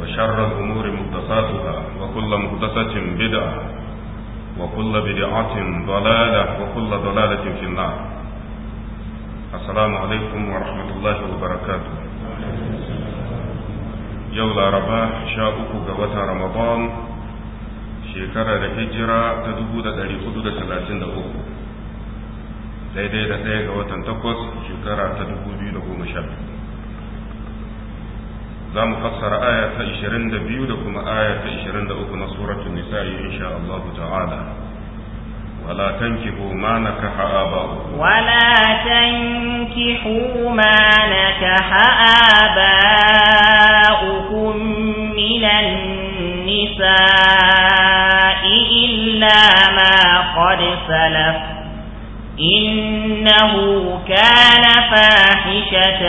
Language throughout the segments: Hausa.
وشر الأمور مقدساتها وكل محدثة بدعة وكل بدعة ضلالة وكل ضلالة في النار السلام عليكم ورحمة الله وبركاته يولا ربا شاؤك قوة رمضان shekara da hijira ta dubu da ɗari hudu da talatin da uku daidai da ɗaya ga watan takwas shekara ta dubu biyu da goma sha biyu za mu fassara aya ta 22 da kuma aya ta 23 na suratul nisa'i insha Allah ta'ala ولا تنكحوا ما نكح آباؤكم ولا تنكحوا ما نكح آباؤكم من النساء إلا ما قد سلف إنه كان فاحشة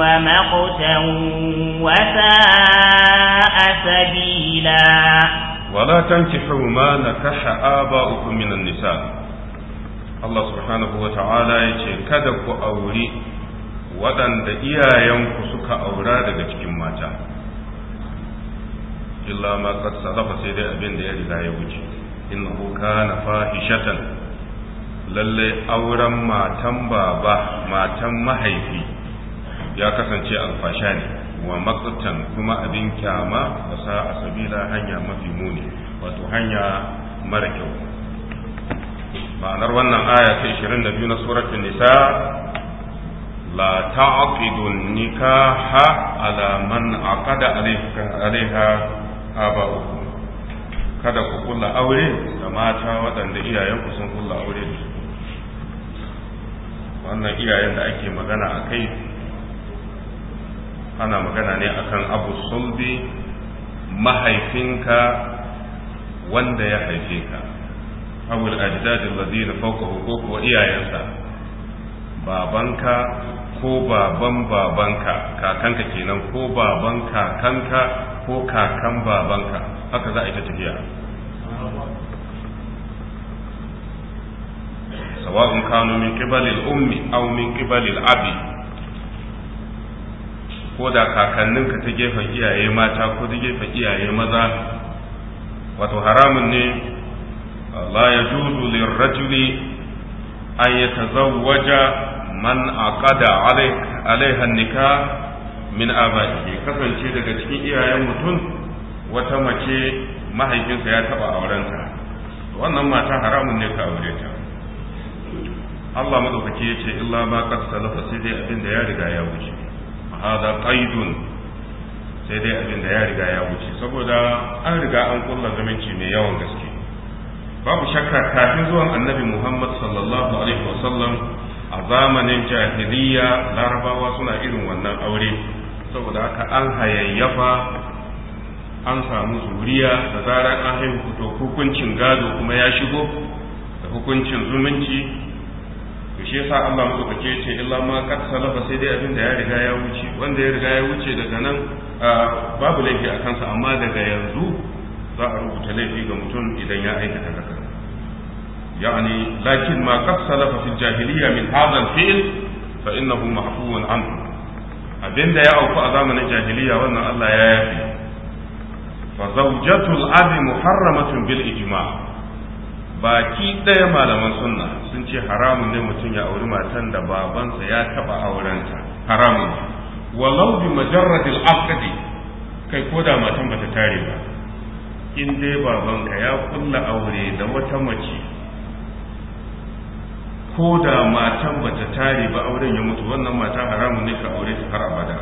ومقتا وساء سبيلا ولا تنكحوا ما نكح آباؤكم من النساء الله سبحانه وتعالى يتي كدك أولي ودن دقيا ينقصك أورادك كم ماتا إلا ما قد صدق سيدي أبين دي إلا يوجي إنه كان فاحشة lalle auren matan baba matan mahaifi ya kasance alfasha ne wa matsatan kuma abin kyama da sa a sabila hanya mafi muni wato hanya mara kyau ma'anar wannan aya ta 22 na suratul nisa la ta'qidu nikaha ala man aqada alayha aba kada ku kula aure da mata waɗanda iyayenku sun kula aure da su wannan iyayen da ake magana a kai ana magana ne akan abu sulbi mahaifinka wanda ya haife ka abu al'adadin lazina faukahu ko kuwa iyayensa babanka ko baban babanka kakanka kenan ko baban kakanka ko kakan babanka haka za a ita tafiya sawa'un kanu min qibalil ummi min qibalil abi ko da kakanninka ta gefen iyaye mata ko ta gefen iyaye maza wato haramun ne la yajuzu lirrajuli an yatazawwaja man aqada alaiha nikah min abaihi kasance daga cikin iyayen mutum wata mace mahaifinsa ya taba aurenta wannan mata haramun ne ka aure Allah madaukaki ya ce illa ma kad salafa sai dai abin da ya riga ya wuce hada qaidun sai dai abin da ya riga ya wuce saboda an riga an kulla zumunci mai yawan gaske babu shakka kafin zuwan annabi Muhammad sallallahu alaihi wasallam a zamanin jahiliya larabawa suna irin wannan aure saboda aka an hayayyafa an samu zuriya da zarar an haihu hukuncin gado kuma ya shigo da hukuncin zumunci shi yasa Allah madaukake ya ce illa ma kad salafa sai dai abin da ya riga ya wuce wanda ya riga ya wuce daga nan babu laifi a kansa amma daga yanzu za a rubuta laifi ga mutum idan ya aikata haka يعني لكن ما قد سلف في الجاهلية من هذا الفعل فإنه معفو عنه abin da ya auku a zamanin jahiliya wannan Allah ya yafi fa zawjatul abi muharramatun bil ijma baki ɗaya malaman sunna sun ce haramun ne mutum ya auri matan da babansa ya taɓa aurenta haramun walau bi majarratil aqdi kai ko da matan bata tare ba in dai babanka ya kulla aure da wata mace ko da matan bata tare ba auren ya mutu wannan mata haramun ne ka aure ta har abada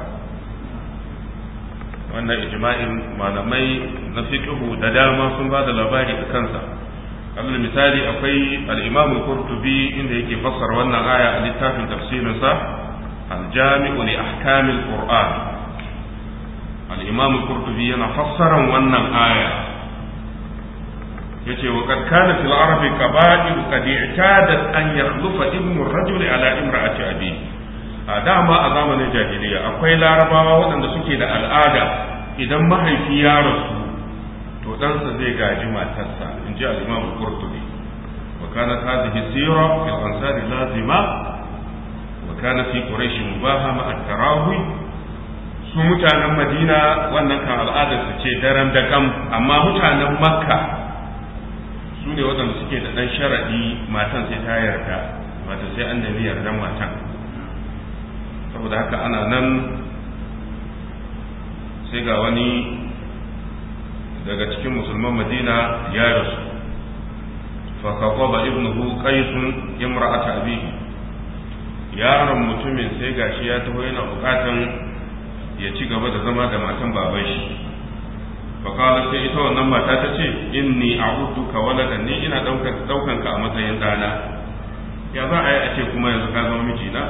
wannan ijma'in malamai na fiqhu da dama sun ba da labari a kansa alal misali akwai al kurtubi inda yake fassara wannan aya a littafin tafsirinsa al-jami'u li ahkam al-qur'an al-imam yana fassaran wannan aya yace wa qad kana fil arabi qaba'il qad i'tadat an yakhlufa ibnu ar-rajuli ala imra'ati abi a dama a zamanin jahiliya akwai larabawa waɗanda suke da al'ada idan mahaifi ya rasu to ɗansa zai gaji matarsa in ji al'imam qurtubi wa kana hadhihi sira fil ansari lazima wa kana fi quraish mubaha ma at su mutanen madina wannan kan al'ada su ce daren da kam amma mutanen makka su ne waɗanda suke da ɗan sharaɗi matan sai ta yarda wato sai an nemi yardan matan saboda haka ana nan sai ga wani daga cikin musulman madina ya rasu fakakwa ibnuhu qaisun imra'ata abihi yaron mutumin sai gashi ya taho yana bukatan ya ci gaba da zama da matan baban shi fakala sai ita wannan mata ta ce inni ka waladan ni ina daukan ka a matsayin dana ya za a yi a ce kuma yanzu ka zama na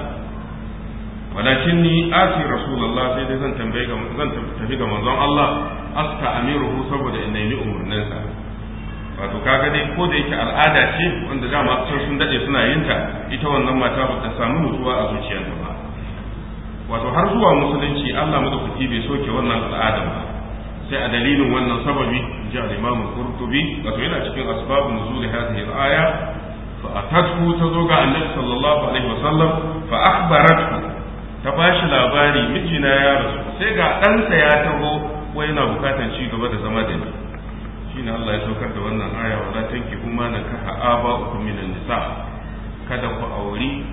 walakin ni asi rasulullah sai dai zan tambaye zan tafi ga manzon Allah asta amiruhu saboda in nemi umarninsa wato kaga dai ko da yake al'ada ce wanda dama can sun dade suna yin ta ita wannan mata ba ta samu nutsuwa a zuciyar ta ba wato har zuwa musulunci Allah madaukaki bai soke wannan al'ada ba sai a dalilin wannan sababi ji al-Imam Qurtubi wato yana cikin asbabun nuzul hadhihi al-aya fa ta zo ga Annabi sallallahu alaihi wasallam fa akhbaratu ta bashi labari mijina ya rasu sai ga ɗansa ya taho kowa yana bukatan ci gaba da zama da ni Shi ne Allah ya saukar da wannan aya kuma na ka ha'aba aba'ukum minan nisa kada ku auri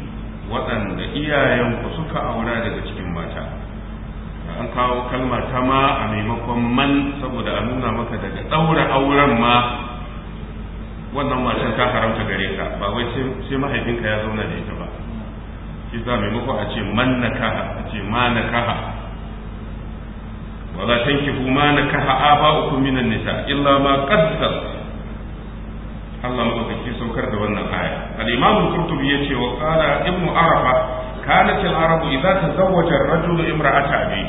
waɗanda iyayenku suka aura daga cikin mata an kawo kalma ta ma a maimakon man saboda a nuna maka daga ɗaura auren ma wannan matan ta haramta gare ka ba wai sai mahaifinka ya zauna da ita ba shi za maimako a ce man kaha a ce ma nakaha wala tankihu ma nakaha aba'ukum minan nisa illa ma qad Allah madaukaki saukar da wannan aya al-imam al-qurtubi yace wa qala ibnu arafa kanat al-arab idza tazawwaja ar-rajulu imra'ata bi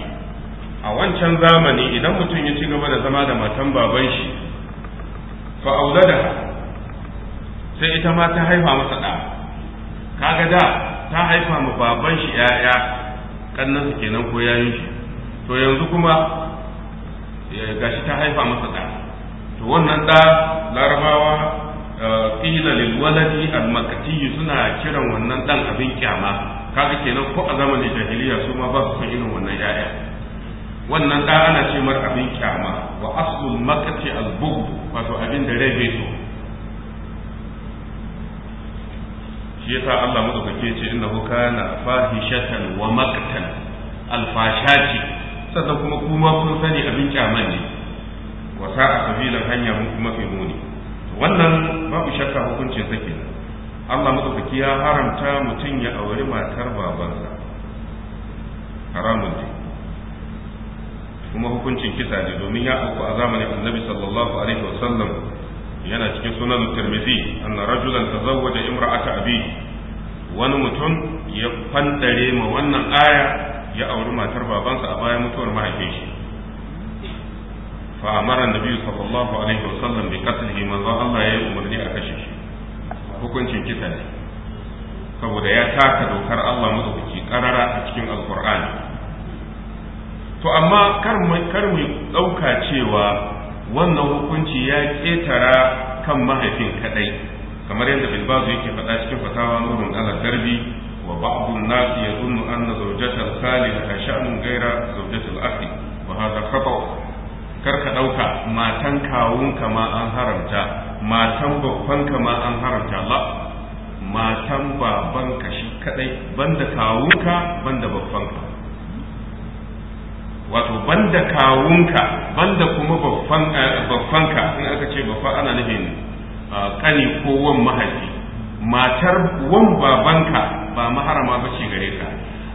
a wancan zamani idan mutum ya ci gaba da zama da matan baban shi fa auladaha sai ita ma ta haifa masa da kaga da ta haifa ma baban shi yaya kannansa kenan ko yayin shi to yanzu kuma gashi ta haifa masa da to wannan da larabawa eh, qila lil waladi al makati suna kiran wannan dan abin kyama kaga kenan ko a zamanin jahiliya su ma ba su san irin wannan yaya wannan da ana ce mar abin kyama wa aslul makati al wato abin da rage to so shi yasa Allah madaukake ce innahu kana fahishatan wa makatan al fashati sannan kuma kuma kun sani abin kyaman ne wa a sabilan hanya mafi muni wannan babu shakka hukuncin sake Allah madaukaki ya haramta mutum ya auri matar babansa haramun ne kuma hukuncin kisa ne domin ya auku a zamanin annabi sallallahu alaihi wasallam yana cikin sunan tirmidhi anna rajulan tazawwaja imra'ata abi wani mutum ya fandare ma wannan aya ya auri matar babansa a bayan mutuwar mahaifin shi fa amara nabi sallallahu alaihi wasallam bi qatlihi manzo Allah ya yi umarni a kashe shi hukuncin kisa ne saboda ya taka dokar Allah madaukaki karara a cikin alqur'ani to amma kar mu kar mu dauka cewa wannan hukunci ya ketara kan mahaifin kadai kamar yadda bilbazu yake faɗa cikin fatawa nurun ala darbi Wa وبعض الناس al أن زوجة الخال لها شأن غير زوجة الأخ وهذا Kar ka ɗauka matan kawunka ma an haramta matan babbanka ma an haramta la matan babanka shi kadai banda kawunka banda babbanka wato banda kawunka banda kuma babbanka in aka ce babba ana nufin kani ko wan mahaji, matar wan babanka ba maharama ba ce gare ka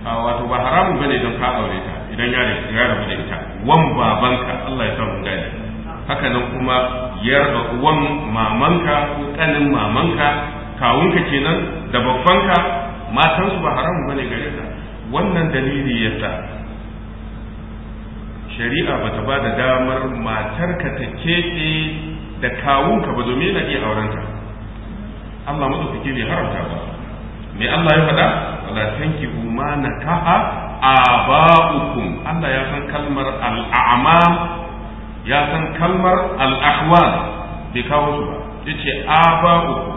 ah, wato ba haramun bane don ka aure ta idan ya rabu da ita wan babanka Allah ya samu gani haka nan kuma yar uwan mamanka ko kanin mamanka kawunka kenan da babbanka matansu ba haramun bane gare ka wannan dalili yasa shari'a ba ta ba da damar matarka ta keɓe da kawunka ba domin yana iya aurenta Allah maɗaukaki bai haramta ba me Allah ya faɗa wala tankihu ma nakaha aba'ukum Allah ya san kalmar al'amam ya san kalmar al'ahwal bai kawo su ba yace aba'ukum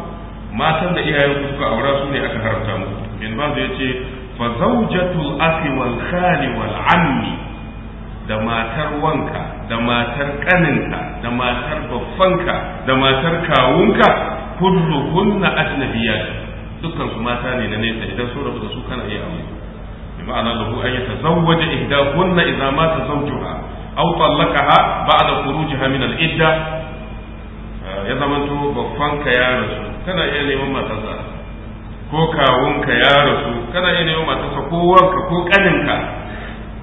matan da iyayen suka aura su ne aka haramta muku bin zai yace fa zawjatul akhi wal khali wal ammi da matar wanka da matar kaninka da matar baffanka da matar kawunka kulluhunna biyar. dukkan su mata ne na nesa idan sun rabu da su kana iya aure bi ma'ana ayyata zawwaja ihda kunna idza mata zawjuha aw talaqaha ba'da khurujiha min al-idda eh, ya to babban ka ya rasu kana iya neman matarsa ko kawunka ya rasu kana iya neman matarsa ko wanka ko ka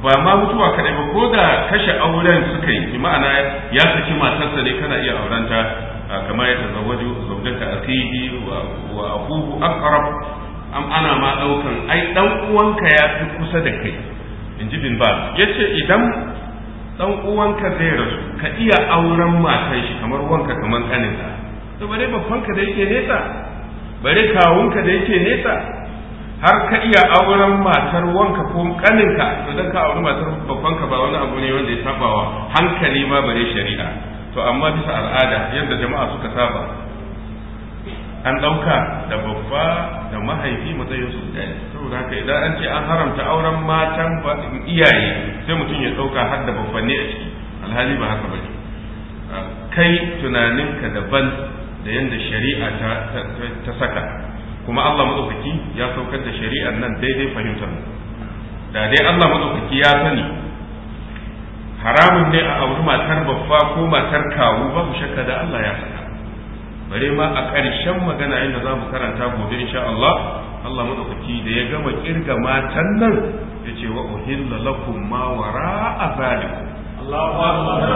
ba ma mutuwa kadai ba ko da kashe auren suka yi ma'ana ya saki matarsa ne kana iya aurenta kama ya tazawwaju zawjata akhihi wa akuhu aqrab am ana ma daukan ai dan uwanka ya fi kusa da kai in ji bin baz yace idan dan uwanka zai rasu ka iya auren matan shi kamar wanka kamar ka, to bare babbanka da yake nesa bare kawunka da yake nesa har ka iya auren matar wanka ko kanin ka, to dan ka auren matar babbanka ba wani abu ne wanda ya sabawa hankali ma bare shari'a to amma bisa al'ada yadda jama'a suka saba an ɗauka da babba da mahaifi matsayin su saboda haka idan an ce an haramta auren matan iyaye sai mutum ya ɗauka har da ne a ciki alhali ba haka ba ne. kai tunaninka daban da yadda shari'a ta saka kuma Allah maɗaukaki ya saukar da shari'ar nan daidai fahimtar da dai Allah maɗaukaki ya sani haramun ne a auri matar babba ko matar kawu babu shakka da Allah ya faɗa bare ma a ƙarshen magana yadda za mu karanta gobe insha Allah Allah madaukaki da ya gama kirga matan nan ya ce wa uhilla lakum ma wara'a zalikum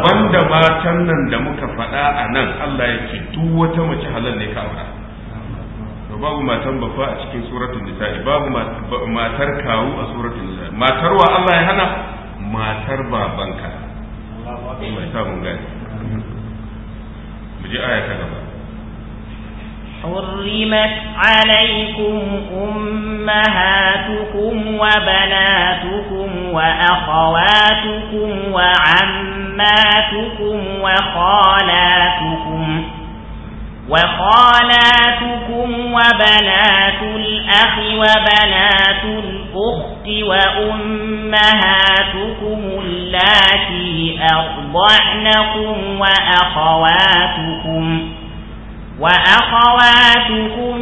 banda matan nan da muka faɗa a nan Allah ya ce duk wata mace halal ne ka aura to babu matan babba a cikin suratul nisa'i babu matar kawu a suratul nisa'i matar wa Allah ya hana matar babanka Allah ya samu gani mu ji aya ta gaba حرمت عليكم أمهاتكم وبناتكم وأخواتكم وعماتكم وخالاتكم وخالاتكم وبنات الأخ وبنات الأخت وأمهاتكم اللَّاتِي أرضعنكم وأخواتكم وأخواتكم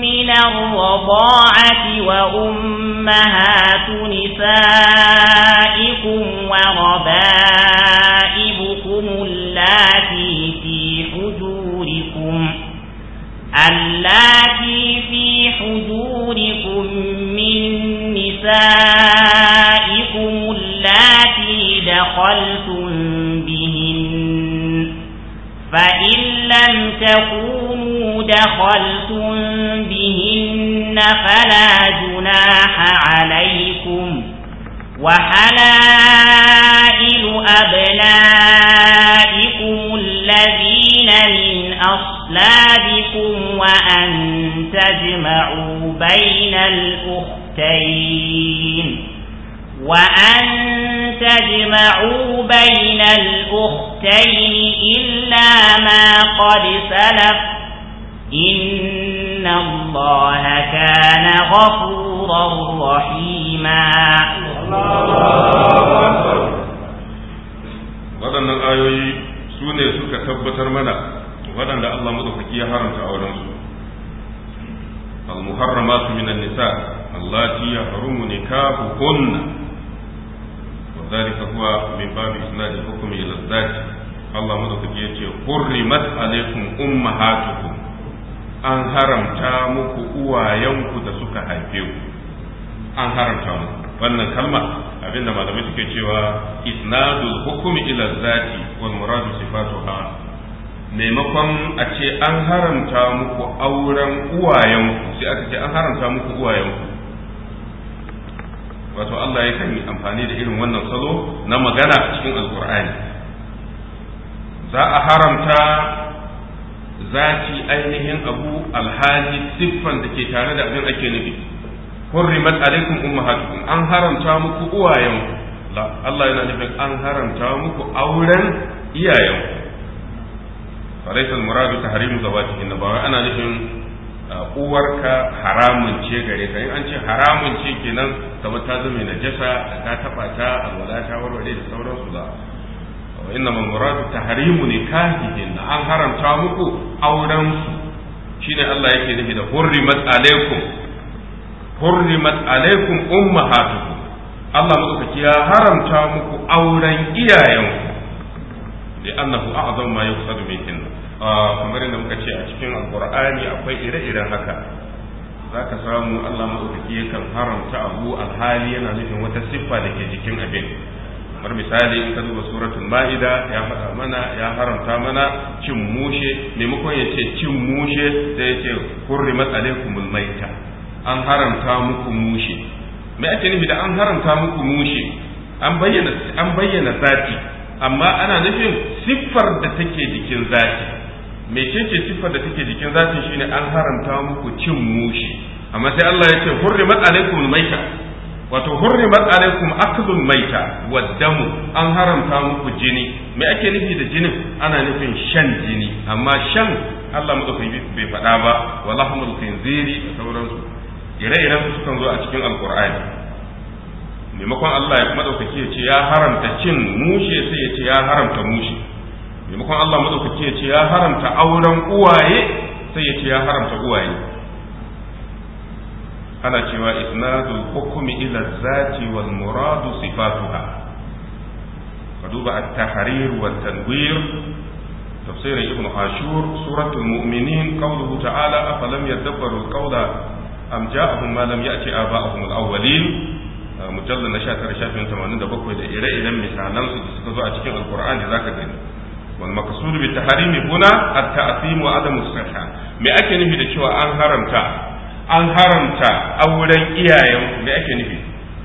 من الرضاعة وأمهات نسائكم وربائبكم اللَّاتِي في حجوركم اللَّاتِي في حجوركم نسائكم اللاتي دخلتم بهن فإن لم تكونوا دخلتم بهن فلا جناح عليكم وحلائل أبنائكم الذين من أصحابكم أصلابكم وأن تجمعوا بين الأختين وأن تجمعوا بين الأختين إلا ما قد سلف إن الله كان غفورا رحيما الله أكبر ayoyi الآية ne suka تبتر mana waɗanda Allah madaukaki ya haramta auren su al-muharramatu minan nisa allati yahrumu nikahuhunna wa dhalika huwa min babi isnad hukm ila zat Allah madaukaki yace hurrimat alaykum ummahatukum an haramta muku uwayenku da suka haife ku an haramta muku wannan kalma abinda malamai suke cewa isnadul hukmi ila zati wal muradu sifatuha maimakon a ce an haramta muku auren uwayenku sai aka ce an haramta muku uwayenku wato Allah ya kan yi amfani da irin wannan salo na magana a cikin alkur'ani za a haramta zaki ainihin abu alhali siffan da ke tare da abin ake nufi hurrimat alaikum ummahatukum an haramta muku uwayenku Allah yana nufin an haramta muku auren iyayenku فليس المراد تحريم زواجهن ba ana nufin uwarka haramun ce gare ka in an ce haramun ce kenan saboda ta zama najasa ta taba ta alwala ta warware da sauransu ba wa inna man muradu tahrimu nikahihin an haramta muku auren su shine Allah yake nufi da hurrimat alaikum hurrimat alaikum ummahatukum Allah madaukaki ya haramta muku auren iyayenku li annahu a'zamu ma yuqsadu bihin Ah, kamar yadda muka ce a cikin alkur'ani akwai ire-iren haka za ka samu allah maɗaukaki yakan haramta abu alhali yana nufin wata siffa da ke jikin abin kamar misali in ka duba suratun ma'ida ya faɗa mana ya haramta mana cin mushe maimakon ya ce cin mushe sai ya ce kurri alaikumul mulmaita, an haramta muku mushe mai ake nufi da an haramta muku mushe an bayyana sati amma ana nufin siffar da take jikin zafi. mecece siffar da take jikin zatin shine an haramta muku cin mushi amma sai Allah ya ce hurrimat alaikum maita wato hurrimat alaikum aklul maita waddamu an haramta muku jini me ake nufi da jinin ana nufin shan jini amma shan Allah madaukaki bai faɗa ba walahmul khinziri da sauransu ire-iren su sukan zo a cikin alqur'ani maimakon Allah ya madaukaki ya ce ya haramta cin mushi sai ya ce ya haramta mushi. maimakon Allah madaukaki ya ce ya haramta auren uwaye sai ya ce ya haramta uwaye ana cewa isnadul hukumi ila zati wal muradu sifatuha ka duba at-tahrir wa tanwir tafsir ibn ashur suratul mu'minin qawluhu ta'ala afalam yadabbaru al-qawla am ja'ahum ma lam ya'ti aba'ahum al-awwalin mujallal na 19 shafin 87 da ire-iren misalan su da suka zo a cikin alqur'ani zaka gani wal maqsud bi tahrimi huna at-ta'sim wa adam sihha me ake nufi da cewa an haramta an haramta auren iyayen me ake nufi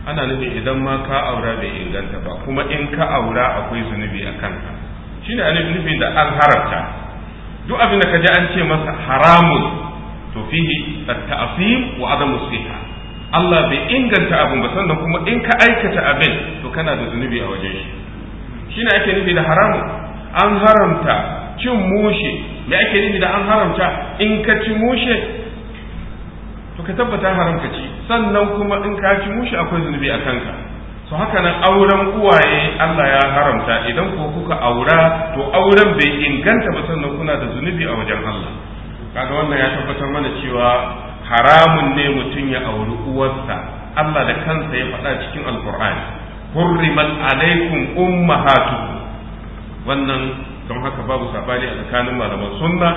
ana nufi idan ma ka aura bai inganta ba kuma in ka aura akwai zunubi a kanka shine ana nufin da an haramta duk abin da kaji an ce masa haramun to fihi at-ta'sim wa adam as-sihha Allah bai inganta abin ba sannan kuma in ka aikata abin to kana da zunubi a wajen shi shine ake nufi da haramu an haramta cin mushe me ake nufi da an haramta in ka ci mushe to ka tabbata haramta ci sannan kuma in ka ci mushe akwai zunubi a kanka to haka nan auren uwaye Allah ya haramta idan ko kuka aura to auren bai inganta ba sannan kuna da zunubi a wajen Allah kaga wannan ya tabbatar mana cewa haramun ne mutum ya auri uwarsa Allah da kansa ya faɗa cikin alkur'ani hurrimat alaikum ummahatukum wannan don haka babu sabani a tsakanin malaman sunna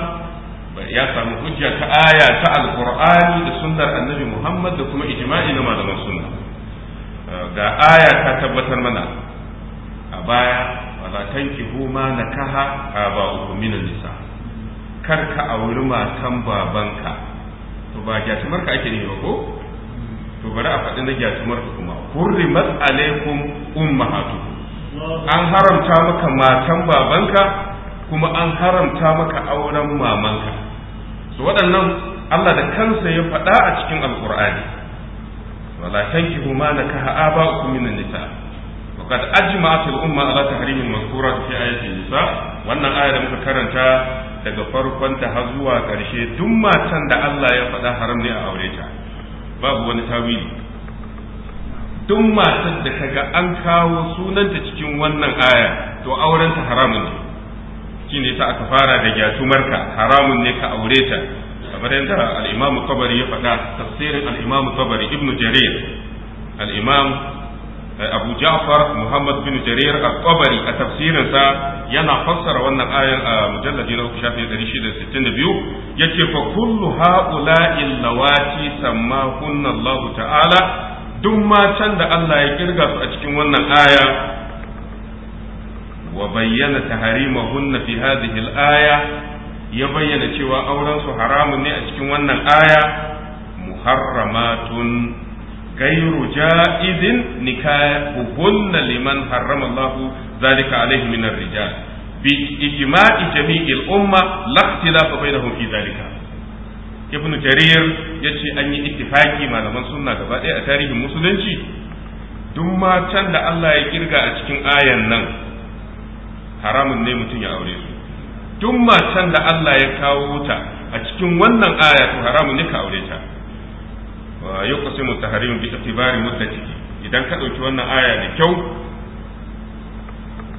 ya samu hujja ta aya ta alqur'ani da sunnar annabi muhammad da kuma ijma'i na malaman sunna eh, ga aya ta tabbatar mana a baya wala tankihu ma nakaha aba'ukum minan nisa kar ka auri matan babanka to ba gyatumar ka ake ne ko to bari a faɗi na gyatumar kuma hurrimat alaikum ummahatukum an haramta maka matan babanka kuma an haramta maka auren mamanka su waɗannan Allah da kansa ya faɗa a cikin alkur'ani wala tankihu na nakaha uku min nisa' وقد أجمعت الأمة على تحريم المذكورة في آية nisa. wannan aya da muka karanta daga farkon ta har zuwa ƙarshe duk matan da Allah ya faɗa haram ne a aure ta babu wani tawili duk matan da kaga an kawo sunanta cikin wannan aya to aurenta haramun ne shine ta aka fara da gyatumarka haramun ne ka aure ta kamar yadda al-Imam Tabari ya faɗa tafsirin al-Imam Tabari Ibn Jarir al-Imam eh, Abu Ja'far Muhammad bin Jarir al-Tabari a tafsirinsa yana fassara wannan ayan a mujalladi na uku shafi shida da sittin biyu. Ya ce fa kullu ha'ula'i lawati sammahunna Allah ta'ala duk matan da Allah ya kirga su a cikin wannan aya wa bayyana hunna fi hadhihi al-aya ya bayyana cewa auren su haramun ne a cikin wannan aya muharramatun gairu ja'izin nikahuhunna liman harrama Allahu zalika alaihi min ar-rijal bi ijma'i jami'il umma la ikhtilafa bainahum fi zalika ibn jarir yace an yi ittifaki malaman sunna gaba ɗaya a tarihin musulunci duk matan da Allah ya kirga a cikin ayan nan haramun ne mutum ya aure su duk matan da Allah ya kawo ta a cikin wannan aya to haramun ne ka aure ta wa yuqsimu tahrim bi itibari muddati idan ka ɗauki wannan aya da kyau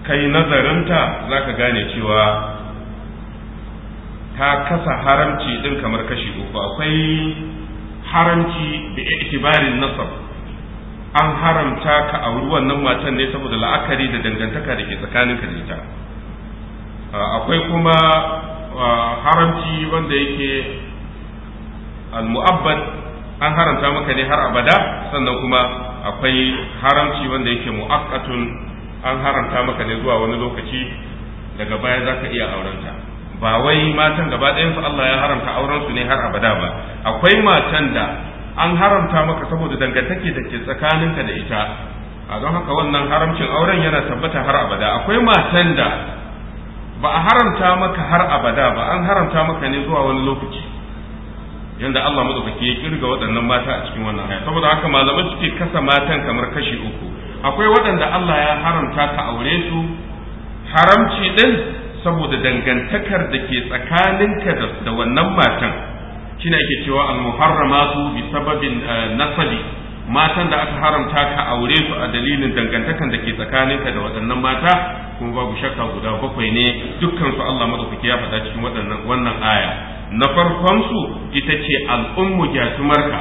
kai nazarinta zaka gane cewa ta kasa haramci din kamar kashi uku akwai haramci da itibarin nasab an haramta ka auri wannan matan ne saboda la'akari da dangantaka da ke tsakanin da ita akwai kuma haramci wanda yake al-mu'abbad an haramta maka ne har abada sannan kuma akwai haramci wanda yake mu'akkatun an haramta maka ne zuwa wani lokaci daga baya za ka iya aurenta ba wai matan gaba ɗayan su Allah ya haramta auren su ne har abada ba akwai matan da an haramta maka saboda dangantake da ke tsakaninka da ita a don haka wannan haramcin auren yana tabbata har abada akwai matan da ba a haramta maka har abada ba an haramta maka ne zuwa wani lokaci yanda Allah madaukaki ya kirga waɗannan mata a cikin wannan haya. saboda haka malaman suke kasa matan kamar kashi uku akwai waɗanda Allah ya haramta ka aure su haramci din saboda dangantakar da ke tsakaninka da wannan matan shi ne ake cewa al-muharramatu bi sababin eh, nasabi matan da aka haramta ka aure su a dalilin dangantakar da ke tsakaninka da waɗannan mata kuma babu shakka guda bakwai ne dukkan su Allah madaukaki ya faɗa cikin waɗannan wannan aya na farkon su ita ce al'ummu gyatumarka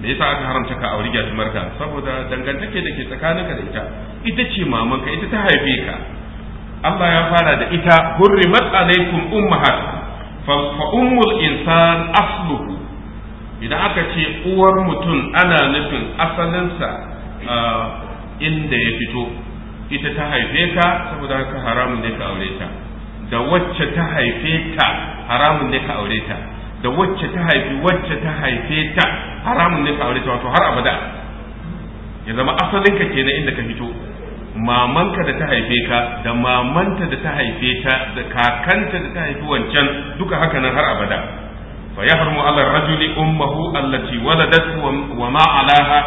me yasa aka haramta ka aure gyatumarka saboda dangantake da ke tsakaninka da ita ita ce mamanka ita ta haife ka Allah ya fara da ita hurrimat alaikum ummahat fa ummul insan asluhu idan aka ce uwar mutum ana nufin asalinsa ah, inda ya fito ita ta haife ka saboda haka haramun ne ka aure ta da wacce ta haife ka haramun ne ka aure ta da wacce ta haifi wacce ta haife ta haramun ne ka aure ta wato har abada ya zama asalinka kenan inda ka fito mamanka da ta haife ka da mamanta da ta haife ta da kakanta da ta haifi wancan duka haka nan har abada fa harmu ala rajuli ummuhu allati waladat wa ma alaha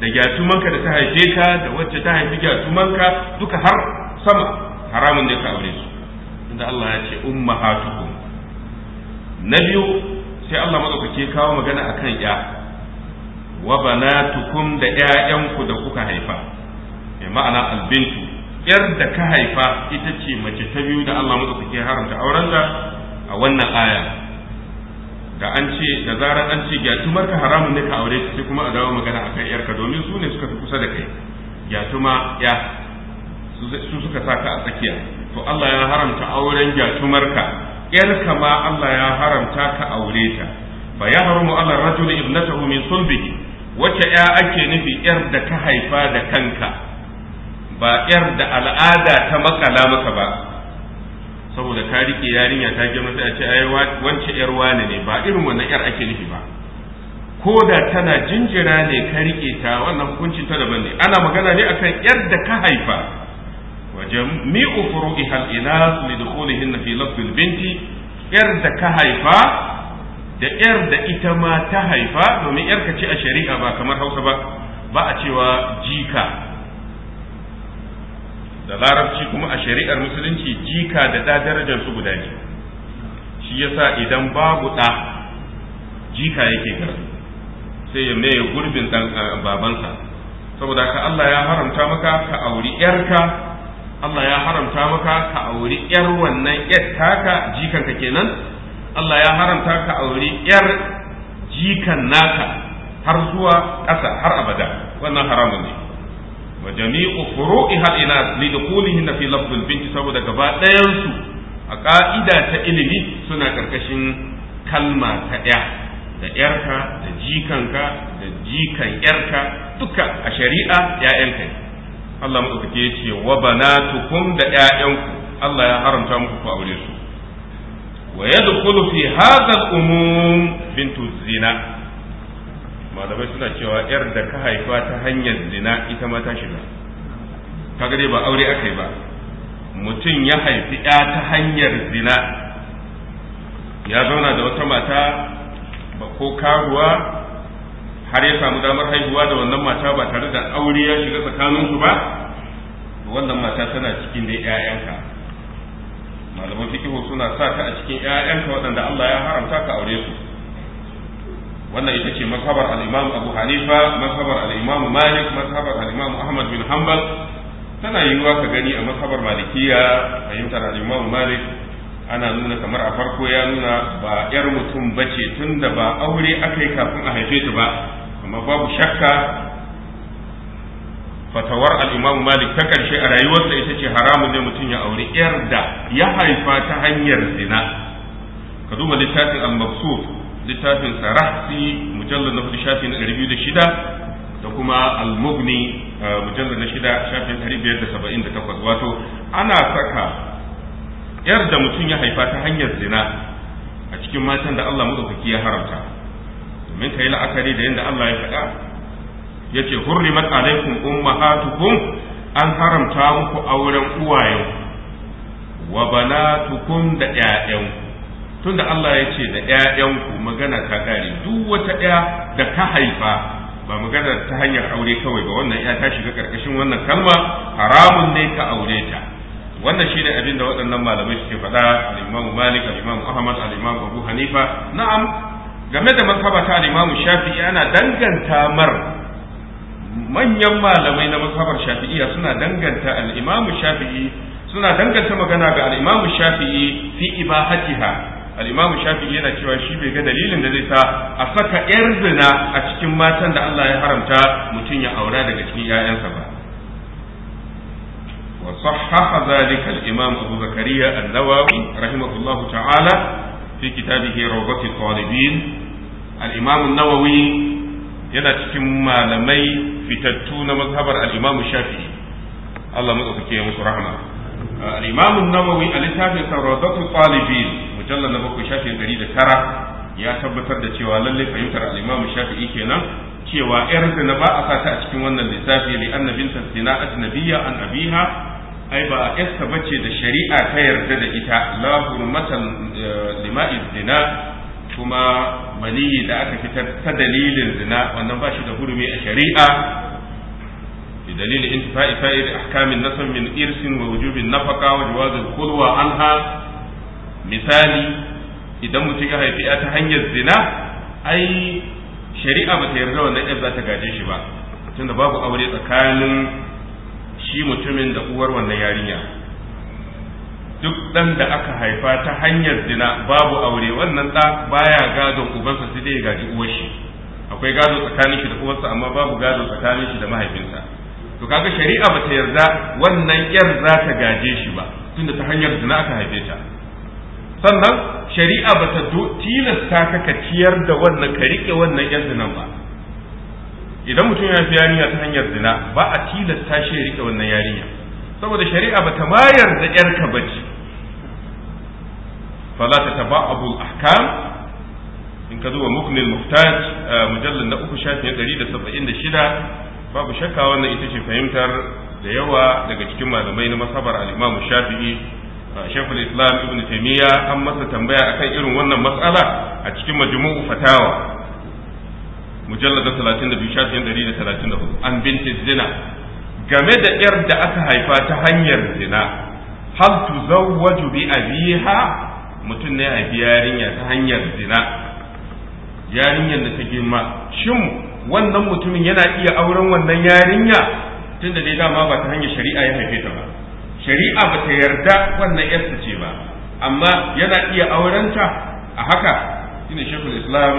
da gyatumanka da ta haife ka da wacce ta haifi gyatumanka duka har sama haramun ne ka aure su inda Allah ya ce ummahatukum na biyu sai Allah madaukake kawo magana akan ya wa banatukum da ƴaƴanku da kuka haifa Eh, ma'ana albintu yar da ka haifa ita ce mace ta biyu da Allah madaukaki suke haramta aurenta a wannan aya da an ce da zarar an ce gyatumar ka haramun ne ka aure ta sai kuma a dawo magana kan yarka domin su ne suka fi kusa da kai gyatuma ya su suka sa ka a tsakiya to Allah ya haramta auren yar ka yarka ma Allah ya haramta ka aure ta fa ya haramu Allah rajul ibnatahu min sulbihi wacce ya ake nufi yar da ka haifa da kanka ba yar da al'ada ta makala maka ba saboda ka rike yarinya ta girma sai a ce ai wance yar wane ne ba irin wannan yar ake nufi ba ko da tana jinjira ne ka rike ta wannan hukuncin ta daban ne ana magana ne akan yar da ka haifa wajen jami'u furu'iha al-inas li dukhulihinna fi lafz binti yar da ka haifa da yar da ita ma ta haifa domin ka ce a shari'a ba kamar Hausa ba ba a cewa jika da larabci kuma a shari'ar musulunci jika da ɗa darajar su guda ne shi yasa idan babu ɗa jika yake karatu sai ya maye gurbin dan babansa saboda ka Allah ya haramta maka ka auri yarka Allah ya haramta maka ka auri yar wannan yar taka jikanka kenan Allah ya haramta ka auri yar jikan naka har zuwa ƙasa har abada wannan haramun ne wa jami'u furu'iha ina li dukulihin fi lafzul binti saboda gaba ɗayan su a ka'ida ta ilimi suna karkashin kalma ta ɗaya da yarka da jikanka da jikan yarka duka a shari'a ya'yanka ne Allah madaukake ya wa banatukum da ƴaƴanku Allah ya haramta muku ku aure su wa yadkhulu fi hadha al-umum bintu zina malamai suna cewa yar da ka haifa ta hanyar zina ita ma ta shiga kaga dai ba aure aka yi ba mutum ya haifi ya ta hanyar zina ya zauna da wata mata ba ko karuwa har ya samu damar haihuwa da wannan mata ba tare da aure ya shiga tsakaninsu ba wannan mata tana cikin dai 'ya'yanka malamai fikihu suna sa ka a cikin 'ya'yanka waɗanda Allah ya haramta ka aure su wannan ita ce mazhabar al-Imam Abu Hanifa mazhabar al-Imam Malik mazhabar al-Imam Ahmad bin Hanbal tana yiwuwa ka gani a mazhabar Malikiya fahimtar al-Imam Malik ana nuna kamar a farko ya nuna ba yar mutum bace tunda ba aure aka kafin a haife ta ba amma babu shakka fatawar al-imam malik ta karshe a rayuwarsa ita ce haramun ne mutum ya auri ‘yar da ya haifa ta hanyar zina ka duba littafin al-mabsut littafin sarahsi mujallar na hudu shafi na ɗari biyu da shida da kuma almugni eh, mujallar na shida shafin ɗari biyar da saba'in da takwas wato ana saka yar da mutum ya haifa ta hanyar zina a cikin matan da Allah maɗaukaki ya haramta domin ka yi la'akari da yadda Allah ya faɗa ya ce hurrimat alaikum ummahatukum an haramta muku auren uwayen wa banatukum da 'ya'yanku tunda Allah ya ce da ‘ya'yanku magana ta ƙare duk wata ‘ya da ka haifa ba magana ta hanyar aure kawai ba wannan ‘ya ta shiga ƙarƙashin wannan kalma haramun ne ka aure ta wannan shine abin da waɗannan malamai suke faɗa al-Imam Malik al-Imam Ahmad al-Imam Abu Hanifa na'am game da mazhaba ta al-Imam Shafi'i ana danganta mar manyan malamai na mazhabar shafi'i suna danganta al-Imam Shafi'i suna danganta magana ga al-Imam Shafi'i fi ibahatiha al-imamu shafi'i yana cewa shi bai ga dalilin da zai sa a saka yar zina a cikin matan da Allah ya haramta mutum ya aura daga cikin 'ya'yansa ba wa sahhaha zalika al Abu Zakariya al nawawi rahimahullahu ta'ala fi kitabihi rawati talibin al-imam an-Nawawi yana cikin malamai fitattu na mazhabar al-Imam Shafi'i Allah madaukake ya musu rahama al-Imam an-Nawawi a littafin Rawdatul Talibin mujallar na bakwai shafi gari da tara ya tabbatar da cewa lallai fahimtar al'imamu shafi'i kenan cewa yar na ba a sa ta a cikin wannan lissafi li annabin tasina ajnabiyya an abiha ai ba yarsa bace da shari'a ta yarda da ita la hurmatan eh, lima'i zina kuma maniyi da aka fitar ta dalilin zina wannan ba shi da hurumi a shari'a بدليل انتفاء فائد min النسب wa wujubin ووجوب wa وجواز الخلوه عنها misali idan mutum ya haifi ta hanyar zina ai shari'a ba ta yarda wannan yar za ta gaje shi ba tunda babu aure tsakanin shi mutumin da uwar wannan yarinya duk ɗan da aka haifa ta hanyar zina babu aure wannan ɗa baya gadon ubansa sai dai gaji uwar shi akwai gado tsakanin shi da uwarsa amma babu gado tsakanin shi da mahaifinsa to kaga shari'a ba ta yarda wannan yar za ta gaje shi ba tunda ta hanyar zina aka haife ta sannan shari'a ba ta tilasta ka ka ciyar da wannan ka rike wannan yan zinan ba idan mutum ya fi yarinya ta hanyar zina ba a tilasta shi ya rike wannan yarinya saboda shari'a ba ta mayar da yarka ba ci fala ta taba abu ahkam in ka zuwa muknil muhtaj eh, mujallal na uku shafi na ɗari da saba'in da shida babu shakka wannan ita ce fahimtar da yawa daga cikin malamai na masabar al'imamu shafi'i shekul islam ibn taimiyya an masa tambaya akan irin wannan matsala a cikin majmu'u fatawa mujallada 32 an binti zina game da yar da aka haifa ta hanyar zina hal tuzawwaju bi abiha mutum ne haifi yarinya ta hanyar zina yarinyar da ta girma shin wannan mutumin yana iya auren wannan yarinya tunda dai dama ba ta hanyar shari'a ya haife ta ba shari'a ba ta yarda wannan yarsa ce ba amma yana iya aurenta a haka shine shekul islam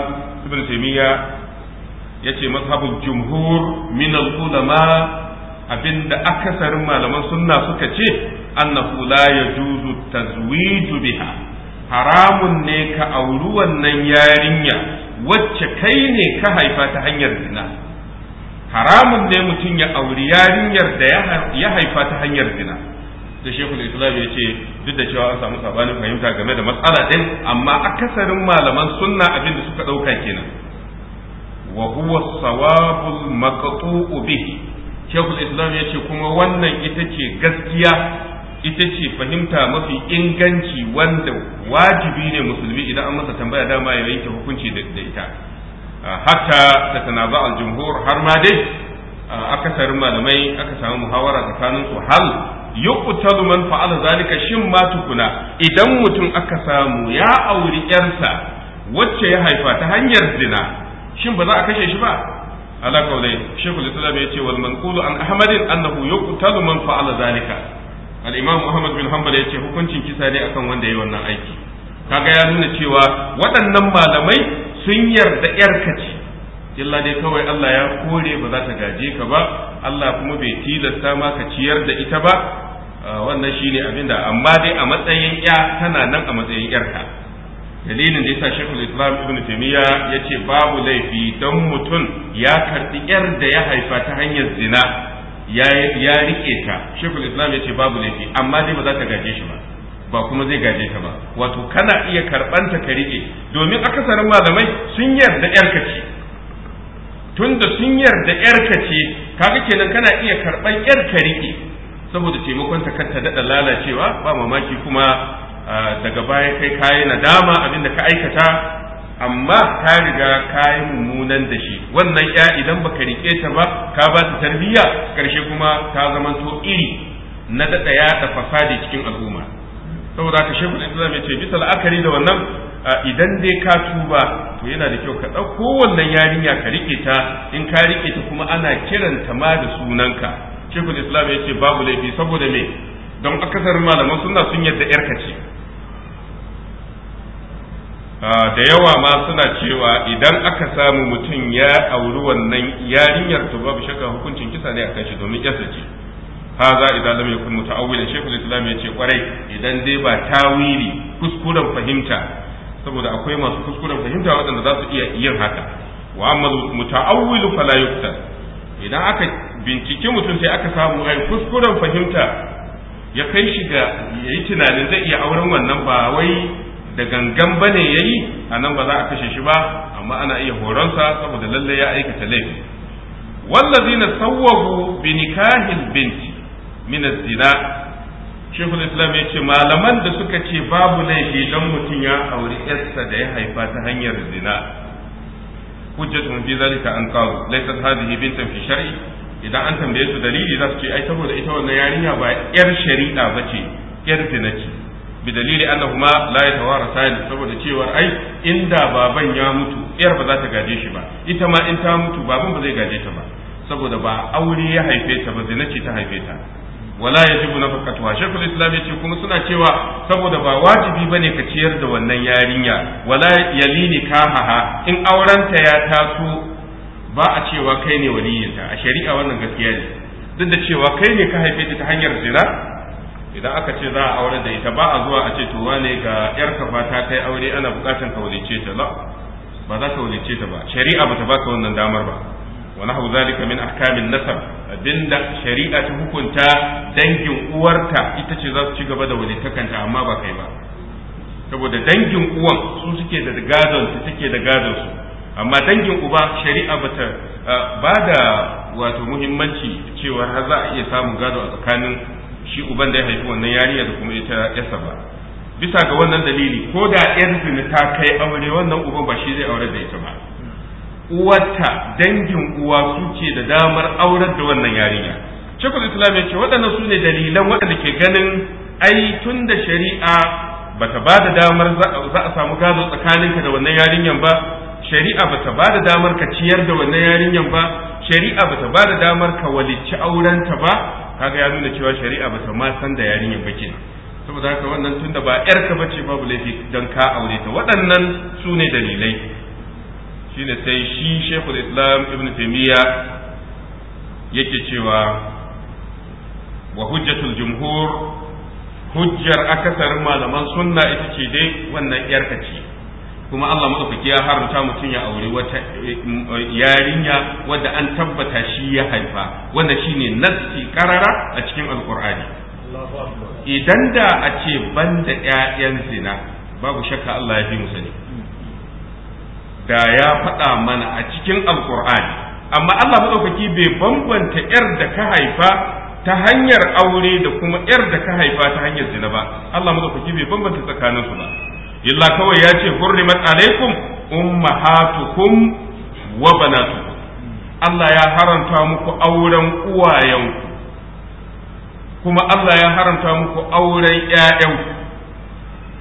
ibn taymiya yace mazhabul jumhur min al ulama abinda akasarin malaman sunna suka ce annahu la yajuzu tazwiju biha haramun ne ka auri wannan yarinya wacce kai ne ka haifa ta hanyar zina haramun ne mutum ya auri yarinyar da ya haifa ta hanyar zina da shekul islam ya ce duk da cewa an samu sabanin fahimta game da matsala din amma akasarin malaman sunna abin da suka dauka kenan wa huwa sawabul maqtu'u bihi shekul islam ya ce kuma wannan ita ce gaskiya ita ce fahimta mafi inganci wanda wajibi ne musulmi idan an masa tambaya dama ya yanke hukunci da ita hatta ta tanaba al-jumhur har ma dai akasarin malamai aka samu muhawara tsakanin su hal yuqtalu man fa'ala zalika shin ma tukuna idan mutum aka samu ya auri yarsa wacce ya haifa ta hanyar zina shin ba za a kashe shi ba ala kaulai shekul islam ya ce wal manqulu an ahmadin annahu yuqtalu man fa'ala zalika al imam ahmad bin hanbal ya ce hukuncin kisa ne akan wanda yayi wannan aiki kaga ya nuna cewa waɗannan malamai sun yarda yarka ce illa dai kawai Allah ya kore ba za ta gaje ka ba Allah kuma bai tilasta ma ka ciyar da ita ba ah, wannan shine abinda amma dai a matsayin ya tana nan a matsayin yarka dalilin da yasa Sheikhul Islam Ibn Taymiyyah yace babu laifi don mutum ya karbi yar da ya haifa ta hanyar zina ya rike ta Sheikhul Islam ce babu laifi amma dai ba za ta gaje shi ba ba kuma zai gaje ta ba wato kana iya karɓanta ka riƙe domin akasarin malamai sun yarda yarka ce tunda sun yarda yarka ce kaga kenan kana iya karɓar yarka rike saboda taimakon ta kanta daɗa lalacewa ba mamaki kuma daga baya kai kayi nadama abinda ka aikata amma ka riga kayi mummunan da shi wannan ya idan baka riƙe ta ba ka ba ta tarbiyya karshe kuma ta zamanto iri na daɗa yaɗa fasadi cikin al'umma saboda ka shekula ita ya ce bisa la'akari da wannan idan dai ka tuba to yana da kyau ka ɗauko wannan yarinya ka rike ta in ka rike ta kuma ana kiranta ma da sunanka shekul islam ya ce babu laifi saboda me don akasar malaman suna sun yadda yarka ce da yawa ma suna cewa idan aka samu mutum ya auri wannan yarinyar to babu shakka hukuncin kisa ne akan shi domin yasa ce haza idan lam yakun muta'awwilan shekul islam ya ce kwarai idan dai ba tawili kuskuren fahimta saboda akwai masu kuskuren fahimta waɗanda za su iya yin haka wa amma muta'awwilu fala yuktar idan aka binciki mutum sai aka samu ai kuskuren fahimta ya kai shi ga yayi tunanin zai iya auren wannan ba wai da gangan bane yayi anan ba za a kashe shi ba amma ana iya horonsa saboda lalle ya aikata laifi wallazina sawwahu bi nikahil binti min az-zina shekul islam ya ce malaman da suka ce babu laifi don mutum ya auri yarsa da ya haifa ta hanyar zina hujjatun fi zalika an qalu laysat hadhihi bintan fi shar'i idan an tambaye su dalili za su ce ai saboda ita wannan yarinya ba yar shari'a bace yar zina ce bi dalili annahuma la yatawarasani saboda cewa ai inda baban ya mutu yar ba za ta gaje shi ba ita ma in ta mutu baban ba zai gaje ta ba saboda ba aure ya haife ta ba zina ce ta haife ta wala ya yajibu fakatuwa shekul islam ce kuma suna cewa saboda ba wajibi bane ka ciyar da wannan yarinya wala ka haha in aurenta ya taso ba a cewa kai ne waliyinta a shari'a wannan gaskiya ne duk da cewa kai ne ka haife ta hanyar zina idan aka ce za a aure da ita ba a zuwa a ce to wane ga yar ba ta kai aure ana bukatan ka wulice ta ba za ka wulice ta ba shari'a bata baka wannan damar ba wa nahwu zalika min ahkamin nasab abinda shari'a ta hukunta dangin uwarta ita ce za su ci gaba da walitakanta amma ba kai ba saboda dangin uwan su suke da gadon su take da gadon su amma dangin uba shari'a bata ba da wato muhimmanci cewa har za a iya samun gado a tsakanin shi uban da ya haifi wannan yariya da kuma ita yasa ba bisa ga wannan dalili ko da yar zina ta kai aure wannan uban ba shi zai aure da ita ba uwarta dangin uwa suke da damar aurar da wannan yarinya shekul islam ya ce waɗannan su ne dalilan waɗanda ke ganin ai tun da shari'a bata ba da damar za a samu gado tsakaninka da wannan yarinyan ba shari'a bata ba da damar ka ciyar da wannan yarinyan ba shari'a bata ba da damar ka walicci aurenta ba kaga ya nuna cewa shari'a ba ta ma san da yarinyan ba ke saboda haka wannan tunda ba yarka ce babu laifi don ka aure ta waɗannan su ne dalilai shine sai shi shekul islam ibn taimiyya yake cewa wa hujjatul jumhur hujjar akasarin malaman sunna ita ce dai wannan ce, kuma Allah madaukaki ya haramta mutum ya aure wata eh, yarinya wadda an tabbata shi ya haifa wanda shine nassi karara a cikin alqur'ani idan da a ce banda ƴaƴan zina babu shakka Allah ya fi mu sani da ya faɗa mana a cikin alkur'ani amma Allah maɗaukaki bai bambanta yar da ka haifa ta hanyar aure da kuma yar da ka haifa ta hanyar zina ba Allah maɗaukaki bai bambanta tsakanin su ba illa kawai ya ce hurrimat alaikum ummahatukum wa banatukum Allah ya haranta muku auren uwayenku kuma Allah ya haranta muku auren ƴaƴanku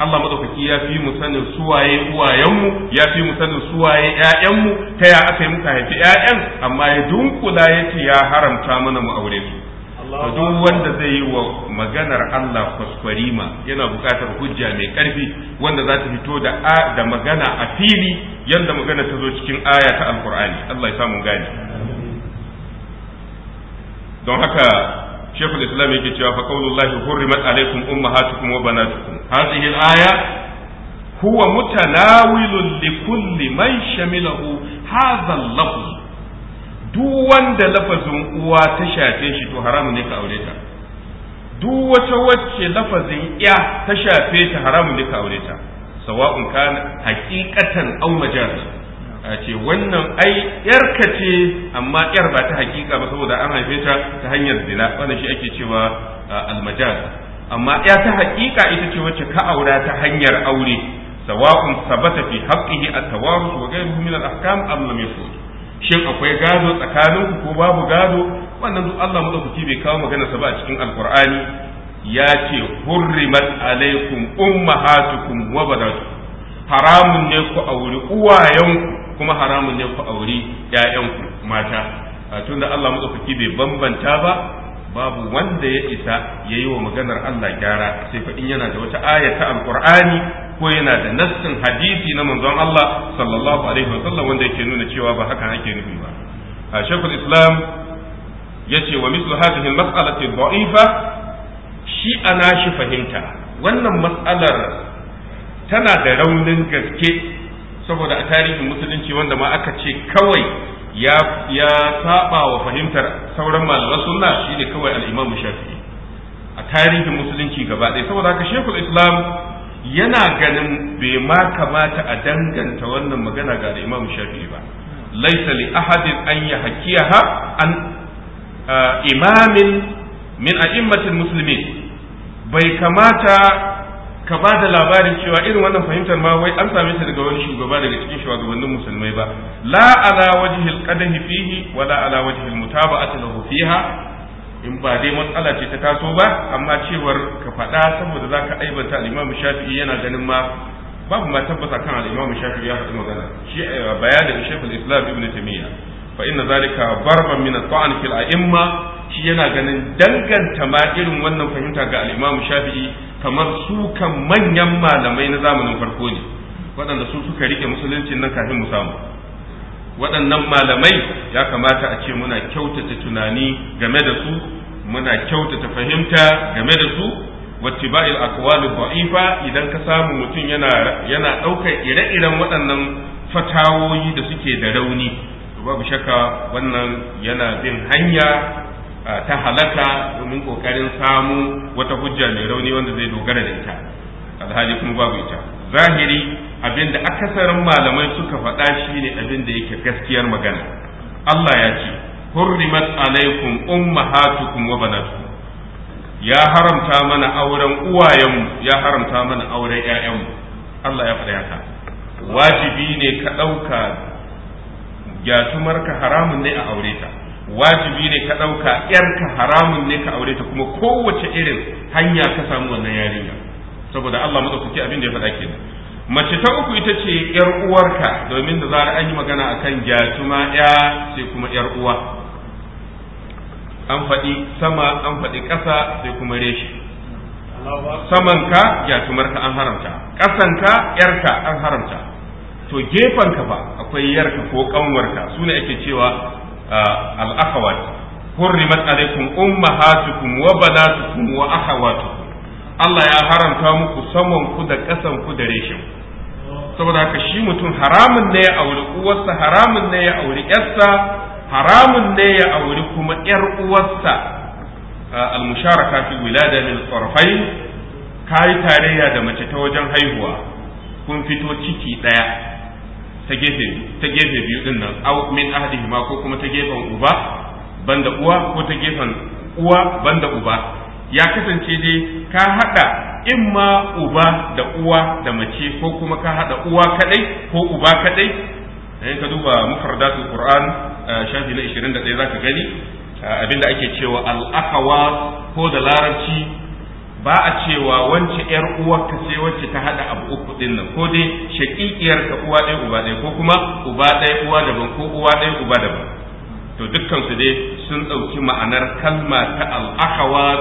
Allah madaukaki ya fi mu sanin suwaye uwayenmu ya fi mu sanin suwaye ƴaƴanmu ta ya aka yi muka haifi ƴaƴan amma ya dunkula yake ya haramta mana mu aure su to duk wanda zai yi wa maganar Allah kwaskwarima yana buƙatar hujja mai ƙarfi wanda za ta fito da da magana a fili yanda magana ta zo cikin aya ta Alƙur'ani Allah ya samu gani don haka shekul islam yake cewa fa qaulullahi hurrimat alaikum ummahatukum wa banatukum hadhihi al-aya huwa mutanawilun li kulli man shamilahu hadha al-lafz duk wanda lafazin uwa ta shafe shi to haramu ne ka aure ta duk wata wacce lafazin ya ta shafe ta haramu ne ka aure ta sawa'un kana haqiqatan aw a ce wannan ai yarka ce amma yar ba ta hakika ba saboda an haife ta ta hanyar zina wannan shi ake cewa almajaz amma ya ta hakika ita ce wacce ka aura ta hanyar aure sawa'un sabata fi haqqihi at-tawarus wa ghayruhu min al-ahkam am lam yasud shin akwai gado tsakaninku ko babu gado wannan duk Allah madaukaki bai kawo magana sa ba a cikin alqur'ani ya ce hurrimat alaikum ummahatukum wa banatukum haramun ne ku auri uwayenku kuma haramun ne ku auri ƴaƴanku mata tunda Allah madaukaki bai bambanta ba babu wanda ya isa ya yi wa maganar Allah gyara sai fa yana da wata aya ta alqur'ani ko yana da nassin hadisi na manzon Allah sallallahu alaihi wasallam wanda yake nuna cewa ba haka ake nufi ba shaykhul islam ya ce wa mislu hadhihi al-mas'alati dha'ifa shi ana shi fahimta wannan mas'alar tana da raunin gaske saboda a tarihin musulunci wanda ma aka ce kawai ya saba wa fahimtar sauran malaman sunna shine kawai al-Imam Shafi'i a tarihin musulunci gaba ɗaya saboda haka Sheikhul Islam yana ganin bai ma kamata a danganta wannan magana ga al-Imam Shafi'i ba laysa li ahadin an yahkiyaha an uh, imamin min a'immatil muslimin bai kamata ka ba da labarin cewa irin wannan fahimtar ma wai an same ta daga wani shugaba daga cikin shugabannin musulmai ba la ala wajhi alqadahi fihi wa la ala wajhi almutaba'ati lahu fiha in ba dai matsala ce ta taso ba amma cewar ka faɗa saboda zaka aibanta al-Imam Shafi'i yana ganin ma babu ma tabbata kan al-Imam Shafi'i ya faɗi magana shi eh, bayanin Shaykh al-Islam Ibn Taymiyyah fa inna zalika barban min at-ta'n fil a'imma shi yana ganin danganta ma irin wannan fahimta ga al-Imam Shafi'i kamar sukan manyan malamai na zamanin farko ne waɗanda su suka rike musulunci nan kafin mu samu waɗannan malamai ya kamata a ce muna kyautata tunani game da su muna kyautata fahimta game da su wacce wattiba'il aqwali ba'ifa idan ka samu mutum yana yana ɗaukar ire-iren waɗannan fatawoyi da suke da rauni babu shakka wannan yana bin hanya ta halaka domin kokarin samu wata hujja mai rauni wanda zai dogara da ita alhaji kuma babu ita zahiri abin da akasarin malamai suka faɗa shi abin da yake gaskiyar magana Allah ya ce hurrimat alaikum ummahatukum wa banatukum ya haramta mana auren uwayenmu ya haramta mana auren ƴaƴanmu Allah ya faɗa haka wajibi ne ka ɗauka gyatumarka haramun ne a aure ta wajibi ne ka ɗauka ‘yarka haramun ne ka aure ta kuma kowace irin hanya ka samu wannan yarinya saboda Allah maɗaukaki abin da ya faɗa kenan mace ta uku ita ce ‘yar uwarka domin da zarar an yi magana akan jatuma ‘ya sai kuma ‘yar uwa an faɗi sama an faɗi ƙasa sai kuma reshi samanka gyatumarka an haramta ƙasanka ‘yarka an haramta to gefanka ba akwai yarka ko ƙanwarka su ne ake cewa al-akhawat hurrimat alaikum ummahatukum wa banatukum wa akhawatukum Allah ya haramta muku saman ku da kasan ku da reshin saboda haka shi mutum haramun ne ya auri uwarsa haramun ne ya auri yarsa haramun ne ya auri kuma yar uwarsa al-musharaka fi wilada min tarfayn kai tarayya da mace ta wajen haihuwa kun fito ciki daya ta gefe ta gefe biyu din nan aw min ahadihima ko kuma ta gefen uba banda uwa ko ta gefen uwa banda uba ya kasance dai ka hada imma uba da uwa da mace ko kuma ka hada uwa kadai ko uba kadai in ka duba mufardatul qur'an shafi na 21 zaka gani abinda ake cewa al-akhawat ko da larabci ba a cewa wance yar uwarka sai wacce ta hada abu uku din nan ko dai shakikiyar ka uwa ɗaya uba ɗaya ko kuma uba ɗaya uwa daban ko uwa ɗaya uba daban to dukkan su dai sun ɗauki ma'anar kalma ta al-akhawat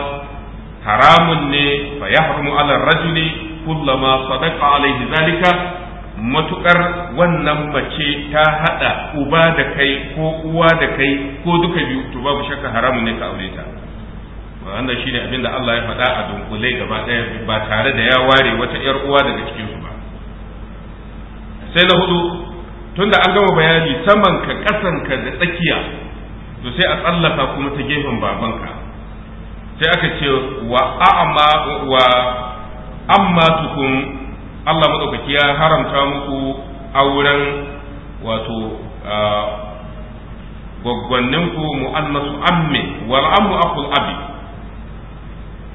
haramun ne fa yahrumu ala rajuli kullama sadaqa alaihi zalika matukar wannan mace ta hada uba da kai ko uwa da kai ko duka biyu to babu shakka haramun ne ka aure ta wanda shine abin da Allah ya faɗa a dunkule gaba ɗaya ba tare da ya ware wata ƴar uwa daga cikin su ba sai na hudu tunda an gama bayani saman ka kasan ka da tsakiya to sai a tsallaka kuma ta gefen babanka sai aka ce wa a'ma wa amma tukun Allah madaukaki ya haramta muku auren wato gwaggwannin mu'annasu amme wal ammu aqul abi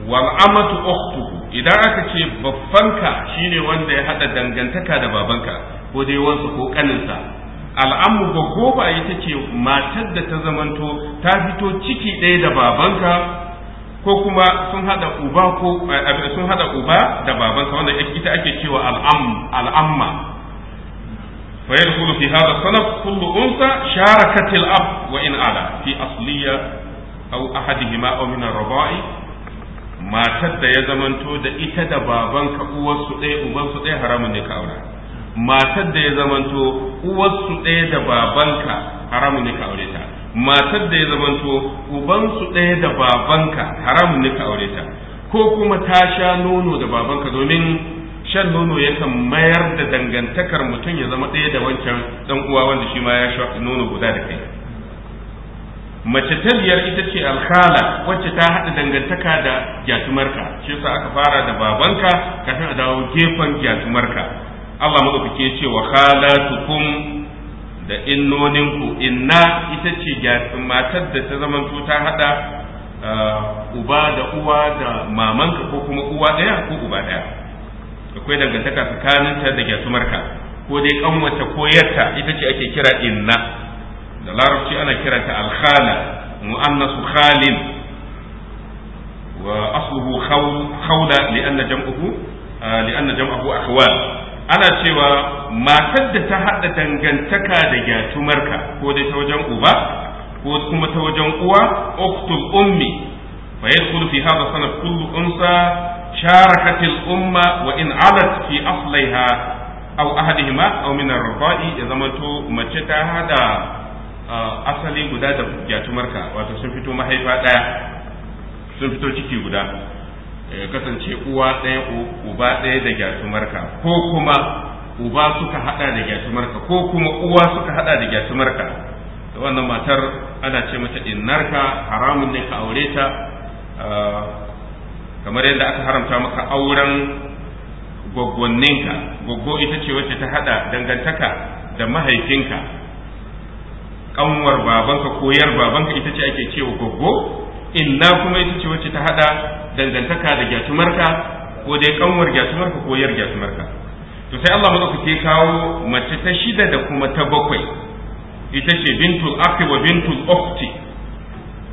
Wal'amatu amatu ukhtuhu idan aka ce babbanka shine wanda ya hada dangantaka da babanka ko dai wansa ko kaninsa al'amu ba goba ita ce matar da ta zamanto ta fito ciki ɗaya da babanka ko kuma sun hada uba ko eh, sun hada uba da babanka wanda ita ake cewa al'am al'amma fa yadkhulu fi hadha sanaf kullu unsa sharakat al-ab wa in ala fi asliya aw ahadihima aw min ar-raba'i matar da ya zamanto da ita da babanka uwarsu ɗaya ubansu ɗaya haramun ne ka aure? matar da ya zamanto uwarsu ɗaya da babanka haramun ne ka aure ta matar da ya zamanto ubansu ɗaya da babanka haramun ne ka aure ta ko kuma ta sha nono da baban ka domin shan nono yakan mayar da dangantakar mutum ya zama ɗaya da wancan ɗan uwa wanda shi ma ya sha nono guda da kai mace taliyar biyar ita ce alkhala wacce ta haɗa dangantaka da gyatumarka shi yasa aka fara da babanka ka a dawo gefen gyatumarka Allah madaukake ya ce wa khalatukum da innoninku inna ita ce matar da ta zamanto ta haɗa uh, uba da uwa da mamanka ko kuma uwa ɗaya ko uba ɗaya akwai dangantaka tsakaninta da gyatumarka ko dai kanwata ko ita ce ake kira inna da larabci ana kiranta alkhala mu'annasu khalin wa asluhu khawla li'anna jam'uhu li'anna jam'uhu akhwal ana cewa matar da ta haɗa dangantaka da gyatumarka ko dai ta wajen uba ko kuma ta wajen uwa uktul ummi fa yadkhul fi hadha sanad kullu unsa sharakat al umma wa in alat fi aslaiha aw ahadihima aw min ar-rifa'i ya zamanto mace ta haɗa. Ah, asali guda da gyatumarka wato sun fito mahaifa ɗaya sun fito ciki guda eh, kasance uwa ɗaya uba ɗaya da gyatumarka ko kuma uba suka haɗa da gyatumarka ko kuma uwa suka haɗa da gyatumarka wannan matar ana ce mata innarka haramun ne ka aure ta ah, kamar yadda aka haramta maka auren gwaggwanninka gwaggo ita ce wacce ta haɗa dangantaka da mahaifinka kanwar babanka ko yar babanka ita ce ake cewa goggo inna kuma ita ce wacce ta hada dangantaka da gyatumarka ko dai kanwar gyatumarka ko yar gyatumarka to sai Allah madaukake kawo mace ta shida da kuma ta bakwai ita ce bintul akhi wa bintul ukhti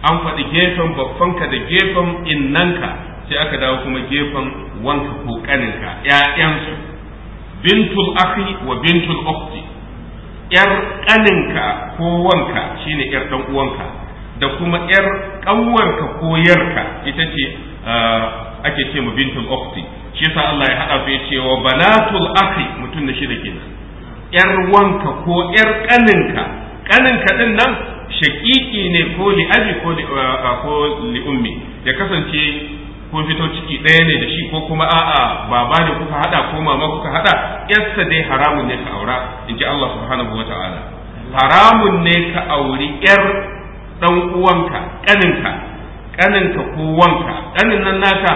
an faɗi gefen babbanka da gefen innanka sai aka dawo kuma gefen wanka ko kaninka ƴaƴansu bintul akhi wa bintul ukhti yar ƙaninka ko wanka shine yar dan uwanka da kuma yar ƙanwarka ko yarka ita ce uh, ake ce mu bintul ukhti shi yasa Allah ya hada su ya ce wa banatul akhi mutum da shida kenan yar wanka ko yar ƙaninka ƙaninka din nan shaƙiƙi ne ko li abi ko li uh, uh, ummi ya kasance kun fito ciki ɗaya ne da shi ko kuma a'a baba ne kuka hada ko mama kuka hada yarsa dai haramun ne ka aura in ji Allah subhanahu wa ta'ala haramun ne ka auri yar dan uwanka kaninka kaninka ko wanka kanin nan naka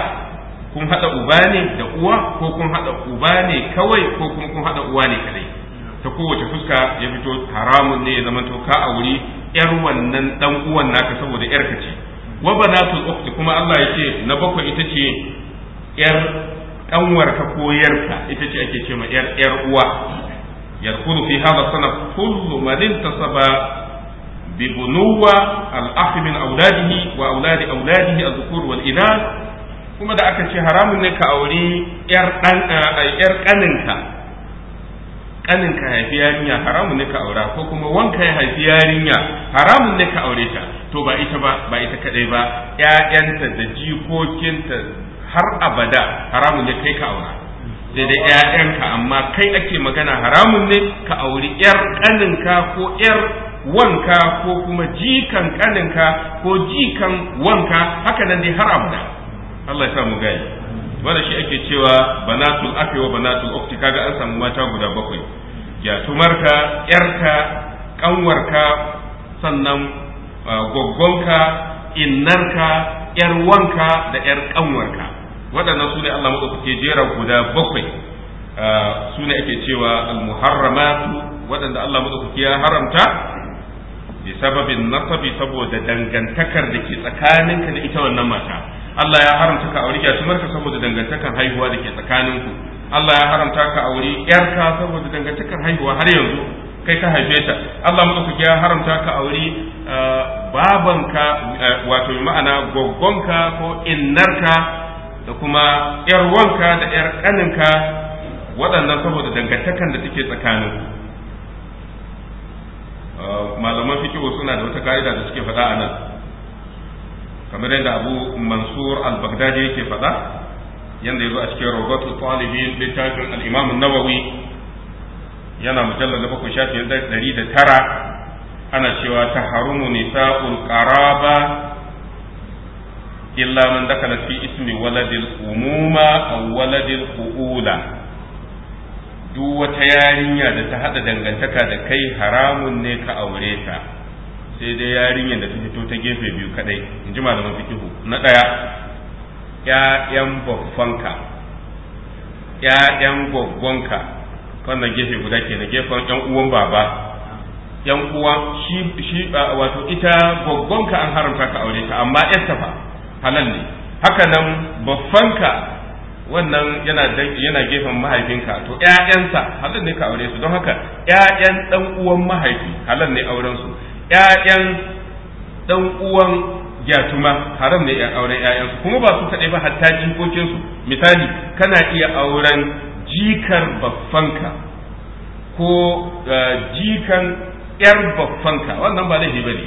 kun hada uba ne da uwa ko kun hada uba ne kawai ko kuma kun hada uwa ne kadai ta kowace fuska ya fito haramun ne ya zama to ka auri yar wannan dan uwan naka saboda yarka ce wa banatul ukhti kuma Allah yace na bakwai ita ce yar ka ko yarka ita ce ake cewa yar yar uwa yakulu fi hadha sanaf kullu man intasaba ببنوة الأخ wa أولاده وأولاد أولاده wal والإناث kuma da aka ce haramun ne ka auri yar ƙaninka eh, ƙaninka haifi yarinya haramun ne ka aura ko kuma wanka ya haifi yarinya haramun ne ka aure ta to ba ita ba ba ita kadai ba ƴaƴanta da jikokinta har abada haramun ne kai ka aura sai da ƴaƴanka amma kai ake magana haramun ne ka auri ƴar ƙaninka ko ƴar wanka ko kuma jikan kaninka ko jikan wanka haka nan dai har abada Allah ya sa mu gani wanda shi ake cewa banatul akhi wa banatul ukhti kaga an samu mata guda bakwai ya tumarka yarka kanwarka sannan goggonka innarka yar wanka da yar kanwarka waɗannan su ne Allah maɗaukake jera guda bakwai su ne ake cewa almuharramatu waɗanda Allah maɗaukake ya haramta bi sababin nasabi saboda dangantakar da ke tsakaninka da ita wannan mata Allah ya haramta ka aure marka saboda dangantakar haihuwa da ke tsakaninku Allah ya haramta ka aure yarka saboda dangantakar haihuwa har yanzu kai ka haife ta Allah ku ya haramta ka aure uh, babanka uh, wato ma'ana goggonka ko innarka da kuma yar wanka da yar kaninka waɗannan saboda dangantakan da take tsakanin uh, malaman fikihu suna da wata ka'ida da suke faɗa a nan kamar yadda abu mansur al-baghdadi yake faɗa yanda yazo a cikin rawdatul talibin littafin al-imam an-nawawi yana mujallar da bakwai shafi ɗari da tara ana cewa ta harumu nisa'ul qaraba illa man dakala fi ismi waladil umuma aw waladil uula duk wata yarinya da ta haɗa dangantaka da kai haramun ne ka aure ta sai dai yarinyar da ta fito ta gefe biyu kaɗai. in ji malaman fikihu na daya ƴaƴan babbanka ƴaƴan gwaggwanka wannan gefe guda na gefen yan uwan baba yan uwa shi wato ita goggonka an haramta ka aure ta amma yarta fa halal ne haka nan babbanka wannan yana yana gefen mahaifinka to ƴaƴansa halal ne ka aure su don haka ƴaƴan dan uwan mahaifi halal ne auren su ƴaƴan dan uwan gyatuma haram ne auren ƴaƴansu kuma ba su kaɗai ba hatta jikokinsu misali kana iya auren jikar baffanka ko eh, jikan yar baffanka wannan ba laifi bane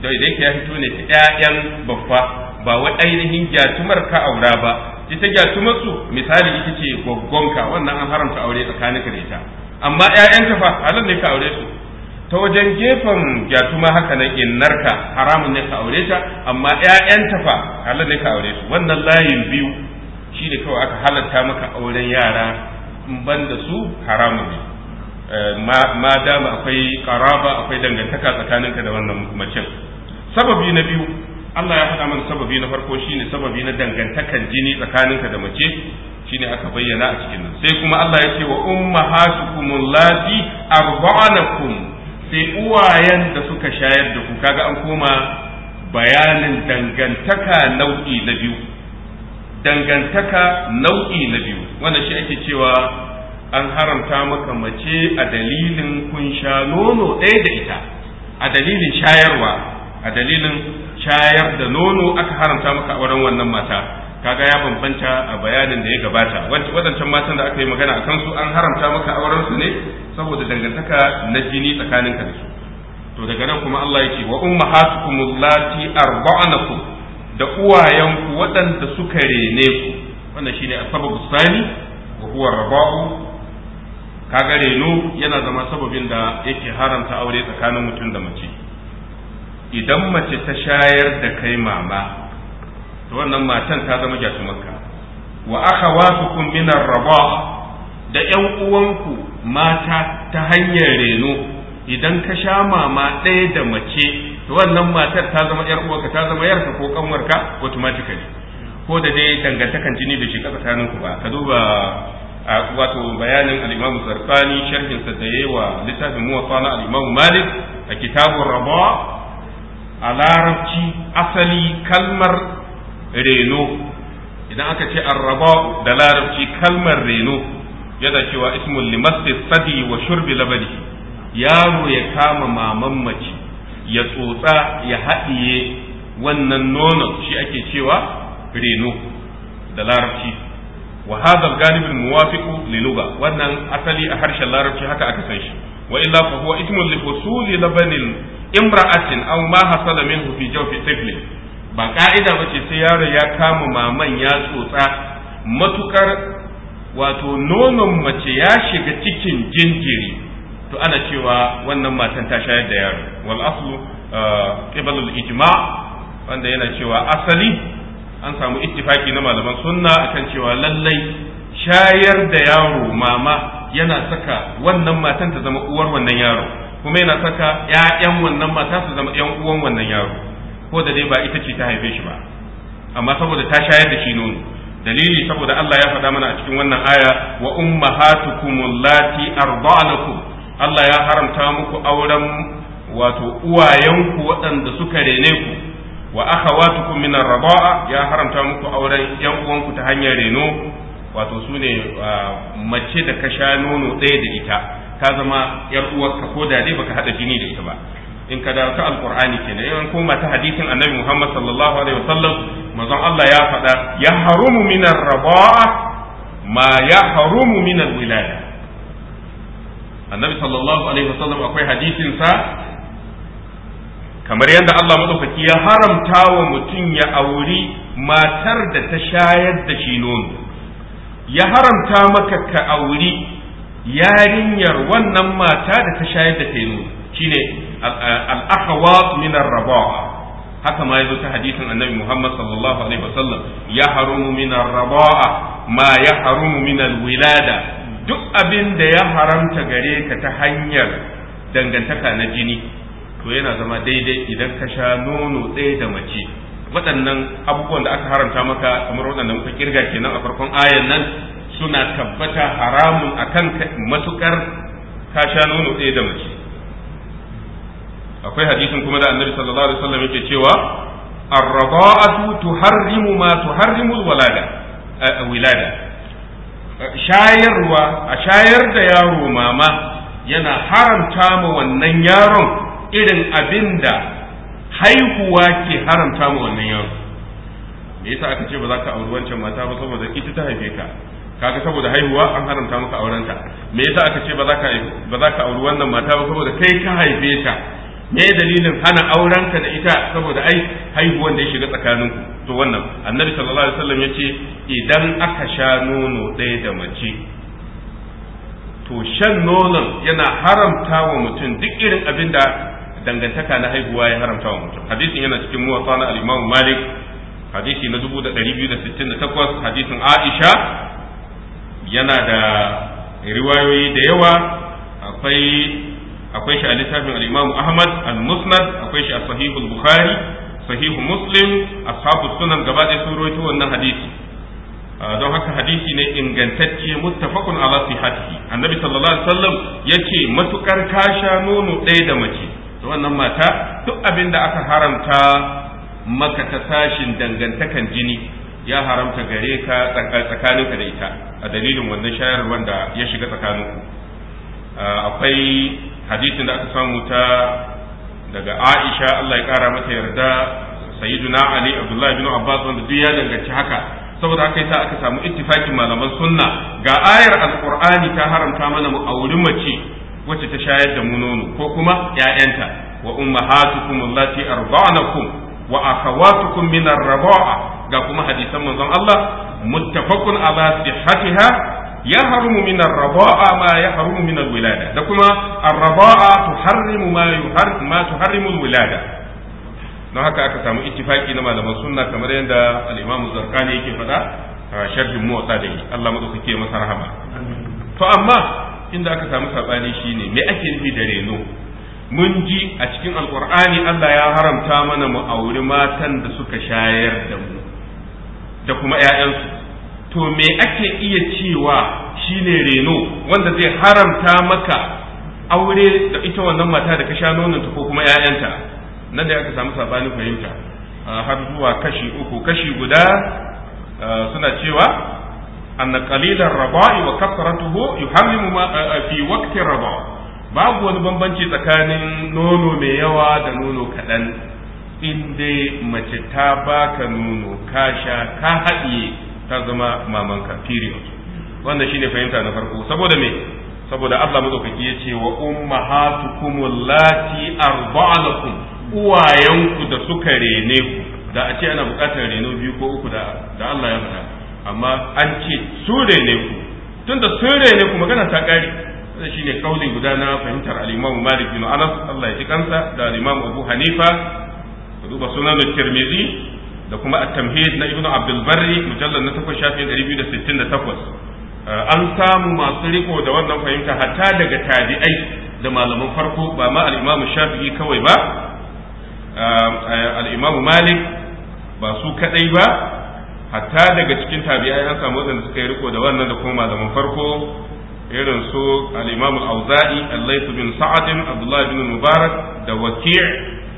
da idan ya fito ne ta ƴaƴan baffa ba wa ainihin gyatumar ka aura ba ita gyatumar su misali ita ce gwaggonka wannan an haramta aure tsakaninka da ita amma ƴaƴanka fa halin ne ka aure su ta wajen gefen gyatuma haka nan innarka haramun ne ka aure ta amma ƴaƴanta fa halin ne ka aure su wannan layin biyu shi ne kawai aka halarta maka auren yara ban da su haramu ne eh, ma dama akwai karaba akwai dangantaka tsakaninka da wannan mace sababi na biyu Allah ya faɗa mana sababi na farko shine sababi na dangantakan jini tsakaninka da mace shine aka bayyana a cikin nan sai kuma Allah ya ce wa ummahatukum allati arba'anakum sai uwayen da suka shayar da ku kaga an koma bayanin dangantaka nau'i na biyu dangantaka nau'i na biyu wannan shi ake cewa an haramta maka mace a dalilin kun sha nono ɗaya da ita a dalilin shayarwa a dalilin shayar da nono aka haramta maka auren wannan mata kaga ya bambanta a bayanin da ya gabata waɗancan matan da aka yi magana a kansu an haramta maka wurin su ne saboda dangantaka na jini tsakaninka da su to daga nan kuma Allah ya ce wa ummahatukum allati arba'anakum da uwayenku waɗanda suka rene ku wannan shine sababu sani wa huwa raba'u kaga reno yana zama sababin da yake haramta aure tsakanin mutum da mace idan mace ta shayar da kai mama to wannan matan ta zama jasumarka wa aka min ar rabaa da ƴan uwanku mata ta hanyar reno idan ka sha mama ɗaya da mace to wannan matar ta zama yar uwarka ta zama yarka ko kanwarka automatically ko da dai dangantakan jini da shi tsakanin ku ba ka duba wato bayanin al-Imam Zarqani sharhin sa da yawa littafin Muwatta na al-Imam Malik a kitabun Rabaa a larabci asali kalmar reno idan aka ce arraba da larabci kalmar reno yana cewa ismul limasti sadi wa shurbi labadi yaro ya kama maman mace ya tsotsa ya haɗiye wannan nonon shi ake cewa reno da larabci wa hadha al muwafiqu liluga wannan asali a harshen larabci haka aka san shi wa illa fa huwa ismun li usuli labanin imra'atin aw ma hasala minhu fi jawfi tifli ba ka'ida bace sai yaro ya kama maman ya tsotsa matukar wato nonon mace ya shiga cikin jinjiri to ana cewa wannan matan ta shayar da yaro wal aslu uh, qibalul ijma wanda yana cewa asali an samu ittifaki na malaman sunna akan cewa lallai shayar da yaro mama yana saka wannan matan ta zama uwar wannan yaro kuma yana saka ƴaƴan wannan mata su zama ƴan uwan wannan yaro ko da dai ba ita ce ta haife shi ba amma saboda ta shayar da shi nono dalili saboda Allah ya faɗa mana a cikin wannan aya wa ummahatukum allati arda'anakum Allah ya haramta muku auren wato uwayenku waɗanda suka rene ku wa akhawatukum ku ar-raba'a ya haramta muku auren yan uwanku ta hanyar reno wato su ne ah, mace da ka sha nono ɗaya da ita ta zama yar uwarka ko da dai baka haɗa jini da ita ba in ka dawo ta alqur'ani kenan in koma ta hadisin annabi Muhammad sallallahu alaihi wasallam mazan Allah ya faɗa ya harumu min rabaa ma ya harumu min wilaya annabi sallallahu alaihi wasallam akwai hadisin sa kamar yadda Allah madaukaki ya haramta wa mutum ya auri matar da ta shayar da shi nono ya haramta maka ka auri yarinyar wannan mata da ta shayar da ta nono shine al-akhawat min ar haka ma yazo ta hadisin annabi Muhammad sallallahu alaihi wasallam ya harumu min ar ma ya harumu min al-wilada duk abin da ya haramta gare ka ta hanyar dangantaka na jini to yana zama daidai idan ka sha nono ɗaya da mace waɗannan abubuwan da aka haramta maka kamar waɗannan muka kirga kenan a farkon ayan nan suna tabbata haramun akan matukar ka sha nono tsaye da mace akwai hadisin kuma da annabi sallallahu alaihi wasallam yake cewa ar-rada'atu tuharrimu ma tuharrimu al-walada wilada shayarwa a shayar da yaro mama yana haramta ma wannan yaron irin abin da haihuwa ke haramta ma wannan yaro me yasa aka ce ba za ka auri wancan mata ba saboda ita ta haife ka kaga saboda haihuwa an haramta maka aurenta me yasa aka ce ba za ka ba za ka auri wannan mata ba saboda kai ka haife ta me dalilin hana aurenka da ita saboda ai haihuwan da ya shiga tsakaninku to wannan annabi sallallahu alaihi wasallam yace idan aka sha nono ɗaya da mace to shan nonon yana haramta wa mutum duk irin abin da dangantaka na haihuwa ya haramta wa mutum hadisin yana cikin muwatta na al-Imam Malik hadisi na 2268 hadisin Aisha yana da riwayoyi da yawa akwai akwai shi a littafin al-Imam Ahmad al-Musnad akwai shi a Sahihul Bukhari sahihu Muslim ashabu sunan gaba ɗaya sun rawaito wannan hadisi ah, don haka hadisi ne ingantacce muttafaqun ala sihhatihi annabi sallallahu alaihi wasallam yace matukar ka sha nono ɗaya da mace to wannan mata duk abin da aka haramta maka ta sashin dangantakan jini ya haramta gare ka tsakaninka da ita a dalilin wannan shayarwar da ya shiga tsakaninku ah, akwai hadisin da aka samu ta daga Aisha Allah ya kara mata yarda sayyiduna Ali Abdullah bin Abbas wanda duk ya danganci haka saboda haka yasa aka samu ittifakin malaman sunna ga ayar alqur'ani ta haramta mana mu auri mace wacce ta shayar da mu nono ko kuma ƴaƴanta wa ummahatukum allati arba'anakum wa akhawatukum min ar-raba'a ga kuma hadisan manzon Allah muttafaqun ala sihhatiha ya harumu min arraba'a ma ya harumu min alwilada da kuma arraba'a tuharrimu ma yuhar ma tuharrimu alwilada don haka aka samu ittifaki na malaman sunna kamar yadda al-Imam Zarqani yake faɗa sharhin motsa da yi Allah madaukake masa rahama to amma inda aka samu sabani shine me ake nufi da reno mun ji a cikin alkur'ani Allah ya haramta mana mu auri matan da suka shayar da mu da kuma 'ya'yansu to me ake iya cewa shine reno wanda zai haramta maka aure da ita wannan mata da ka sha nononta ko kuma 'ya'yanta nan da aka samu sabanin fahimta har zuwa kashi uku kashi guda suna cewa anna qalilan raba'i wa kasratuhu yuhammimu ma fi waqti raba babu wani bambanci tsakanin nono mai yawa da nono kaɗan in dai mace ta baka nono ka sha ka haɗiye ta zama mamanka period wannan shine fahimta na farko saboda me saboda Allah madaukaki ya ce wa ummahatukum allati arda'alakum uwayanku da suka rene ku da a ce ana bukatar reno biyu ko uku da da Allah ya faɗa amma an ce su rene ku tunda su rene ku magana ta kare wannan shine kaulin guda na fahimtar al-Imam Malik bin Anas Allah ya ji kansa da al-Imam Abu Hanifa duba sunan Tirmidhi da kuma at-tamhid na ibnu abdul barri mujallal na 8 shafi 268 eh, an samu masu riko da wannan fahimta hatta daga tabi'ai da malaman farko ba ma al-imam shafi'i kawai ba eh, eh, al-imam malik ba su kadai ba hatta daga cikin tabi'ai an samu wadanda suka yi riko da wannan da kuma malaman farko irin su al-imam al-auza'i al-layth bin sa'ad abdullah bin mubarak da waki'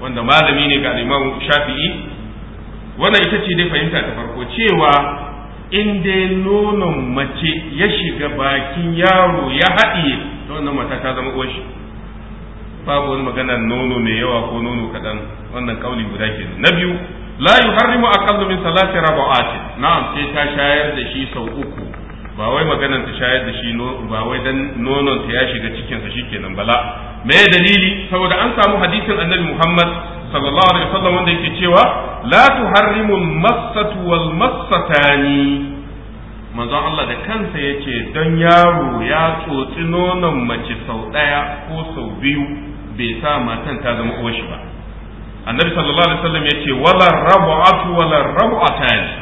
wanda malami ne ga al-imam shafi'i wannan ita ce dai fahimta ta farko cewa in dai nonon mace ya shiga bakin yaro ya haɗiye ta wannan mata ta zama uwar shi babu wani magana nono mai yawa ko nono kaɗan wannan kauli guda ke na biyu la a aqallu min salati ce. na'am sai ta shayar da shi sau uku ba wai maganar ta shayar da shi ba wai dan nonon ta ya shiga cikinsa shi kenan bala me dalili saboda an samu hadisin annabi Muhammad sallallahu alaihi wasallam wanda yake cewa la tuharrimu massatu wal massatani manzon Allah da kansa yace don yaro ya tsotsi nonon mace sau ɗaya ko sau biyu bai sa matan ta zama uwar ba annabi sallallahu alaihi wasallam yace wala rab'atu wala rab'atani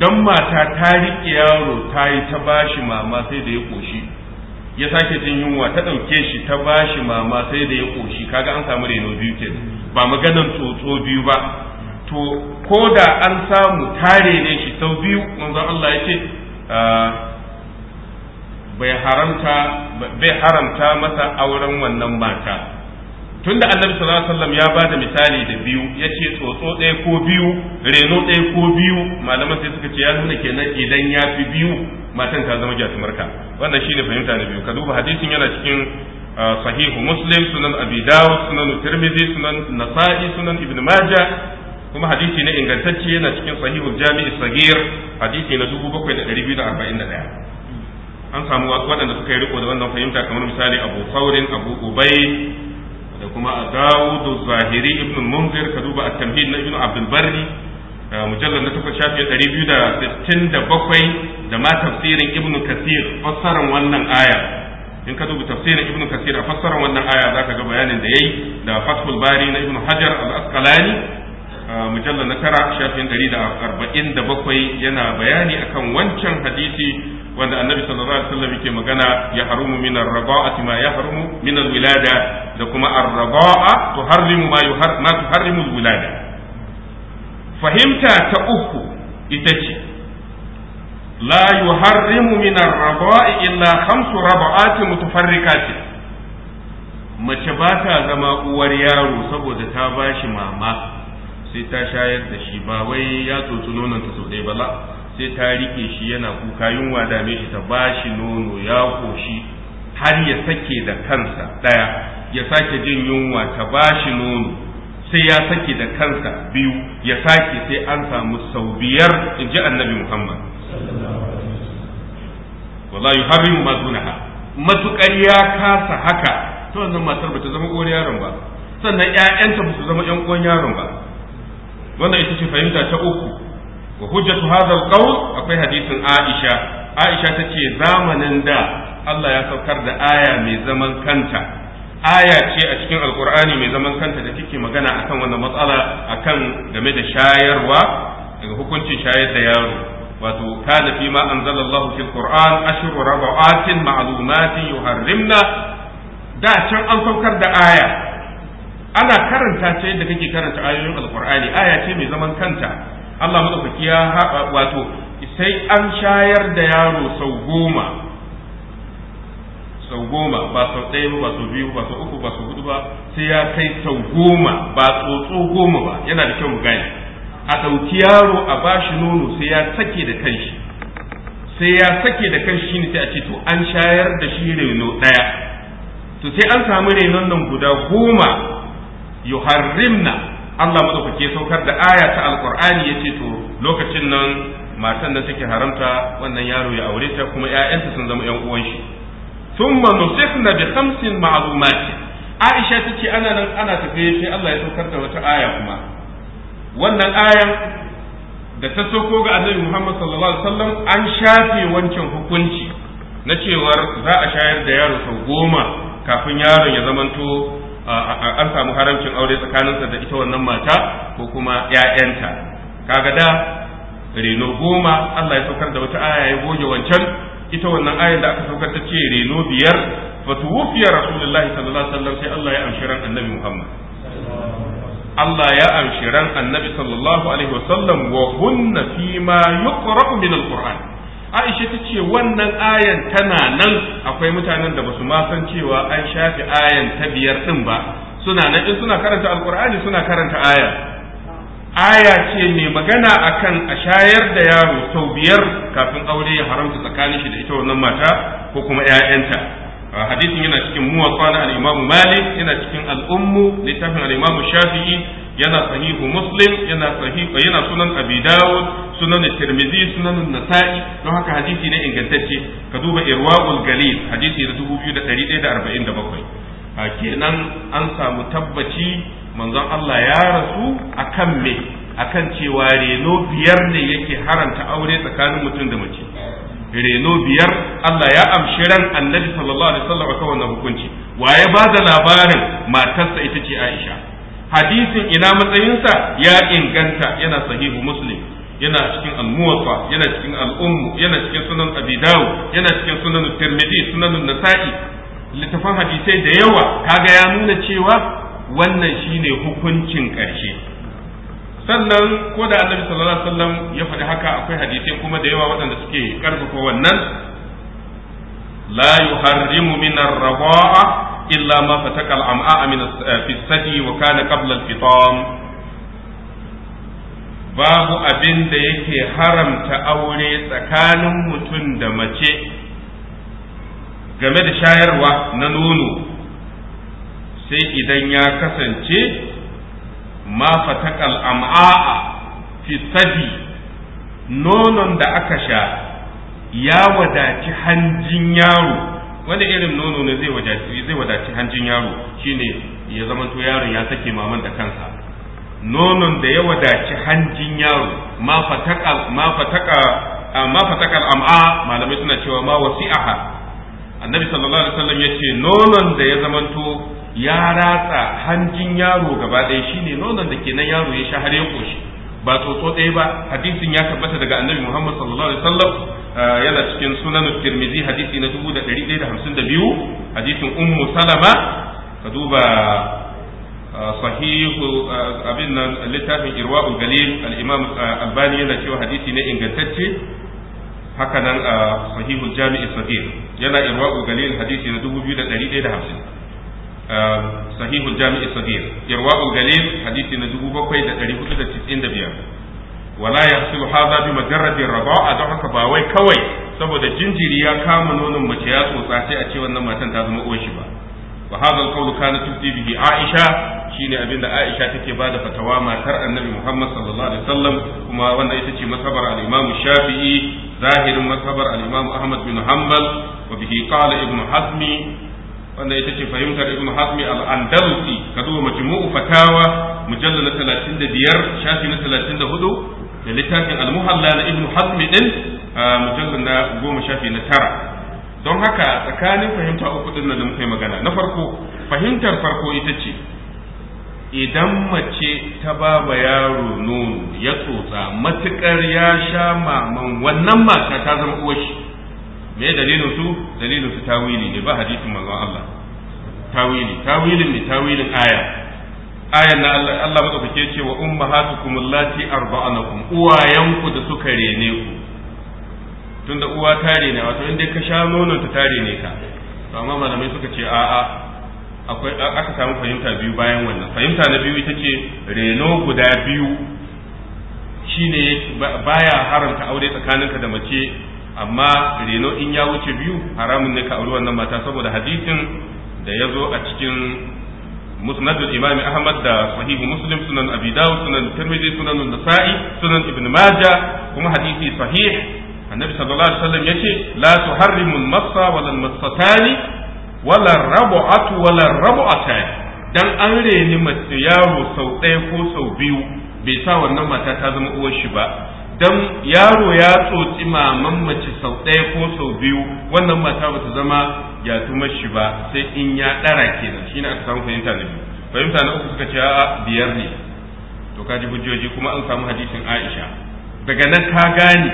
dan mata ta riƙe yaro ta yi ta bashi mama sai da ya koshi ya sake jin yunwa ta ɗauke shi ta bashi mama sai da ya koshi kaga an samu reno biyu kenan ba maganan tsotso biyu ba to ko da an samu tare ne shi sau biyu manzon Allah ya ce ah, bai haramta masa auren wannan mata tunda annabi sallallahu alaihi wasallam ya bada misali da biyu ya ce tsotso ɗaya ko biyu reno ɗaya ko biyu malaman sai suka ce ya nuna kenan idan ya fi biyu matan ta zama jatumarka wannan shine fahimta na biyu ka duba hadisin yana cikin صحيح مسلم sunan abi داود sunan الترمذي sunan النسائي sunan ibn ماجه kuma hadisi ne ingantacce yana cikin sahihul jami'i sagir hadisi na 7241 an samu waɗanda suka yi riko da wannan fahimta kamar misali abu saurin abu ubai da kuma a dawudu zahiri ibn munzir ka duba tamhid na ibn abdul barri mujallar na takwas shafi 267 biyu da sittin da bakwai da ma tafsirin ibn kathir fassarar wannan aya in ka duba tafsirin ibnu kasir a fassara wannan aya zaka ga bayanin da yayi da fathul bari na ibnu hajar al-asqalani mujallal na tara shafin ɗari da bakwai yana bayani akan wancan hadisi wanda annabi sallallahu alaihi wasallam yake magana ya harumu min ar-rada'ati ma yahrumu min al-wilada da kuma ar-rada'a tuharrimu ma yuhar ma tuharrimu al-wilada fahimta ta uku ita ce la yuharrimu min ar-raba'i illa khamsu raba'ati mutafarriqatin mace ba ta zama uwar yaro saboda ta bashi mama sai ta shayar da shi ba wai ya tsotsi nonon ta sau ɗaya ba sai ta rike shi yana kuka yunwa dame shi ta bashi nono ya koshi har ya sake da kansa ɗaya ya sake jin yunwa ta bashi nono sai ya sake da kansa biyu ya sake sai an samu sau biyar in ji annabi muhammad wala yuharrimu ma dunaha matuƙar ya kasa haka ta wannan matar bata zama uwar yaron ba sannan 'ya'yanta ba su zama ƴan uwan yaron ba wannan ita ce fahimta ta uku wa hujjatu hadha alqawl akwai hadisin Aisha Aisha ta ce zamanin da Allah ya saukar da aya mai zaman kanta aya ce a cikin Alƙur'ani mai zaman kanta da take magana akan wannan matsala akan game da shayarwa daga hukuncin shayar da yaro wato kana fi ma anzalallahu fil qur'an ashru rabaatin ma'lumatin yuharrimna da can an saukar da aya ana karanta ta da kake karanta ayoyin alqur'ani aya ce mai zaman kanta Allah madaukaki ya wato sai an shayar da yaro sau goma sau goma ba sau ɗaya ba ba sau biyu ba sau uku ba sau hudu ba sai ya kai sau goma ba tsotso goma ba yana da kyau mu gane a ɗauki yaro a bashi nono sai ya sake da kanshi sai ya sake da kanshi shine sai a ce to an shayar da shi reno ɗaya to sai an samu renon nan guda goma yuharrimna Allah madaukake saukar da aya ta alqur'ani yace to lokacin nan matan da take haramta wannan yaro ya aure ta kuma ƴaƴanta sun zama ƴan uwan shi thumma nusikna bi khamsin ma'lumat Aisha tace ana nan ana tafiye sai Allah ya saukar da wata aya kuma wannan ayan da ta soko ga annabi Muhammad sallallahu alaihi wasallam an shafe wancan hukunci na cewar za a shayar da yaro sau goma kafin yaron ya zamanto an samu haramcin aure tsakaninsa da ita wannan mata ko kuma 'ya'yanta kaga da reno goma Allah ya saukar da wata aya ya goge wancan ita wannan ayar da aka saukar ta ce reno biyar fatuwufiya rasulullahi sallallahu alaihi wasallam sai Allah ya amshi ran annabi Muhammad Allah ya amshi ran annabi sallallahu alaihi wasallam wa hunna fi ma yuqra'u min alquran Aisha ta ce wannan ayan tana nan akwai mutanen da basu ma san cewa an shafi ayan ta biyar din ba suna nan in suna karanta alqur'ani suna karanta aya aya ce mai magana akan a shayar da yaro sau biyar kafin aure ya haramta tsakanin shi da ita wannan mata ko kuma 'ya'yanta Ah, hadisin yana cikin muwaffa na alimamu imam Malik yana cikin al'ummu littafin al Shafi'i yana sahihu Muslim yana sahihu yana sunan Abi Dawud sunan Tirmidhi sunan Nasa'i don haka hadisi ne ingantacce ka duba Irwaul Galil hadisi na 2147 ah, kenan an samu tabbaci manzon Allah ya rasu akan me akan cewa reno biyar ne yake haranta aure tsakanin mutum da mace reno biyar Allah ya amshi ran annabi sallallahu alaihi wasallam akan wannan hukunci waye ba da labarin matarsa ita ce Aisha hadisin ina matsayinsa ya inganta yana sahihu muslim yana cikin al-muwatta yana cikin al-ummu yana cikin sunan abi yana cikin sunan tirmidhi sunan nasa'i littafan hadisai da yawa kaga ya nuna cewa wannan shine hukuncin ƙarshe sannan ko da annabi sallallahu alaihi wasallam ya faɗi haka akwai hadisi kuma da yawa waɗanda suke karfafa wannan la yuharrimu min ar-raba'a illa ma fataka al-am'a min eh, as-sadi wa kana qabla al-fitam babu abin da yake haramta aure tsakanin mutum da mace game da shayarwa na nono sai idan ya kasance ma fatakal am'a'a fi sadi nonon da aka sha ya wadaci hanjin yaro wani irin nono ne zai wadaci hanjin yaro shine ya zamanto yaron ya sake maman da kansa nonon da ya wadaci hanjin yaro ma fatakal ma fataka amma fatakal am'a malamai suna cewa ma wasi'aha annabi sallallahu alaihi wasallam yace nonon da ya zamanto ya ratsa hanjin yaro gaba ɗaya shine nonon da ke nan yaro ya sha har ya koshi ba tsotso ɗaya ba hadisin ya tabbata daga annabi Muhammad sallallahu alaihi wasallam uh, yana cikin sunan Tirmidhi hadisi na dubu da da da hamsin biyu. hadisin Ummu Salama ka duba uh, sahihu uh, abin nan littafin Irwa'ul Galil al-Imam Albani yana cewa hadisi ne ingantacce haka nan sahihu sahihul Jami'i yana Irwa'ul Galil hadisi na dubu biyu da da hamsin. sahihul jami'i sahih irwaul galil hadisi na 7495 wala yahsilu hadha bi majarrad ar da haka ba wai kawai saboda jinjiri ya kama nonon mace ya tsotsa sai a ce wannan matan ta zama uwan shi ba wa hadha al kana tubdi bihi Aisha shine abinda Aisha take bada fatawa matar Annabi Muhammad sallallahu alaihi wasallam kuma wannan ita ce masabar al-Imam Shafi'i zahirin masabar al-Imam Ahmad bin Hanbal wa bihi qala Ibn Hazmi wanda ita ce fahimtar ibn hazmi al-andalusi ka duba mu fatawa mujallal na 35 shafi na 34 da littafin al na ibn hazmi din mujallal na 10 shafi na 9 don haka tsakanin fahimta uku din da muka yi magana na farko fahimtar farko ita ce idan mace ta ba ma yaro nono ya tsotsa matukar ya sha maman wannan mata ta zama uwar shi me dalilin su dalilin su tawili ne ba hadisin manzon Allah tawili tawilin ne tawilin aya ayan na Allah Allah madaukake ce wa ummahatukum allati arba'anakum uwayanku da suka rene ku tunda uwa tare ne wato inda ka sha nonon ta tare ne ka to amma malamai suka ce a'a akwai aka samu fahimta biyu bayan wannan fahimta na biyu ita ce reno guda biyu shine baya haramta aure tsakaninka da mace amma reno in ya wuce biyu haramun ne ka auri wannan mata saboda hadisin da ya zo a cikin musnadul imam ahmad da sahihu muslim sunan abi dawud sunan tirmidhi sunan nasa'i sunan ibn majah kuma hadisi sahih annabi sallallahu alaihi wasallam yace la tuharrimu al-massa wala al-massatani wala rabu'atu wala rabu'atan dan an reni mace yaro sau ɗaya ko sau biyu bai sa wannan mata ta zama uwar shi ba dan yaro ya tsotsi maman mace sau ɗaya ko sau biyu wannan mata ba ta zama ya shi ba sai in ya ɗara kenan shine aka samu fahimta na biyu fahimta na uku suka ce a biyar ne to ka ji hujjoji kuma an samu hadisin Aisha daga nan ka gane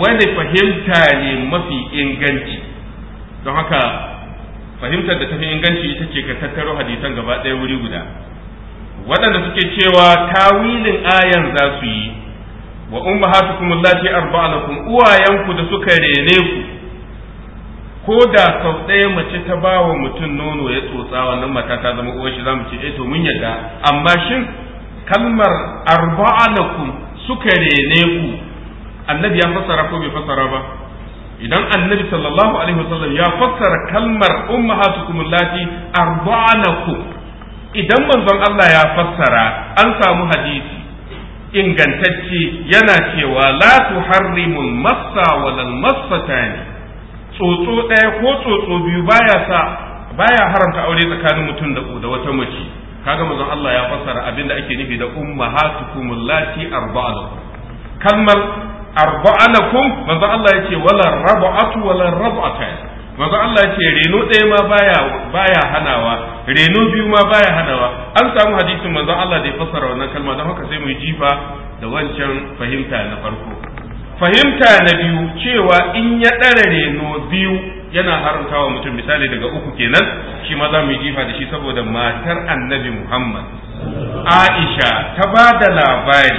wani fahimta ne mafi inganci don haka fahimtar da ta fi inganci ita ce ka tattaro hadisan gaba ɗaya wuri guda waɗanda suke cewa tawilin ayan za su yi wa ummahatukum allati arba'alakum uwayanku da suka rene ku ko da sau ɗaya mace ta ba wa mutum nono ya tsotsa wannan mata ta zama uwar shi zamu ce eh to mun yadda amma shin kalmar arba'alakum suka rene ku annabi ya fassara ko bai fassara ba idan annabi sallallahu alaihi wasallam ya fassara kalmar ummahatukum allati arba'alakum idan manzon Allah ya fassara an samu hadisi ingantacce yana cewa la tuharrimu massa wal massatani tsotso ɗaya ko tsotso biyu baya sa baya haramta aure tsakanin mutum da da wata mace kaga manzon Allah ya fassara abinda ake nufi da ummahatukum allati arba'alakum kalmar arba'alakum manzon Allah yace wala rab'atu wala rab'atan manzo Allah ce reno ɗaya ma baya baya hanawa reno biyu ma baya hanawa an samu hadisin manzo Allah da ya fassara wannan kalma don haka sai mu yi jifa da wancan fahimta na farko fahimta na biyu cewa in ya ɗara reno biyu yana haramtawa mutum misali daga uku kenan shi ma za mu yi jifa da shi saboda matar annabi Muhammad Aisha ta ba da labari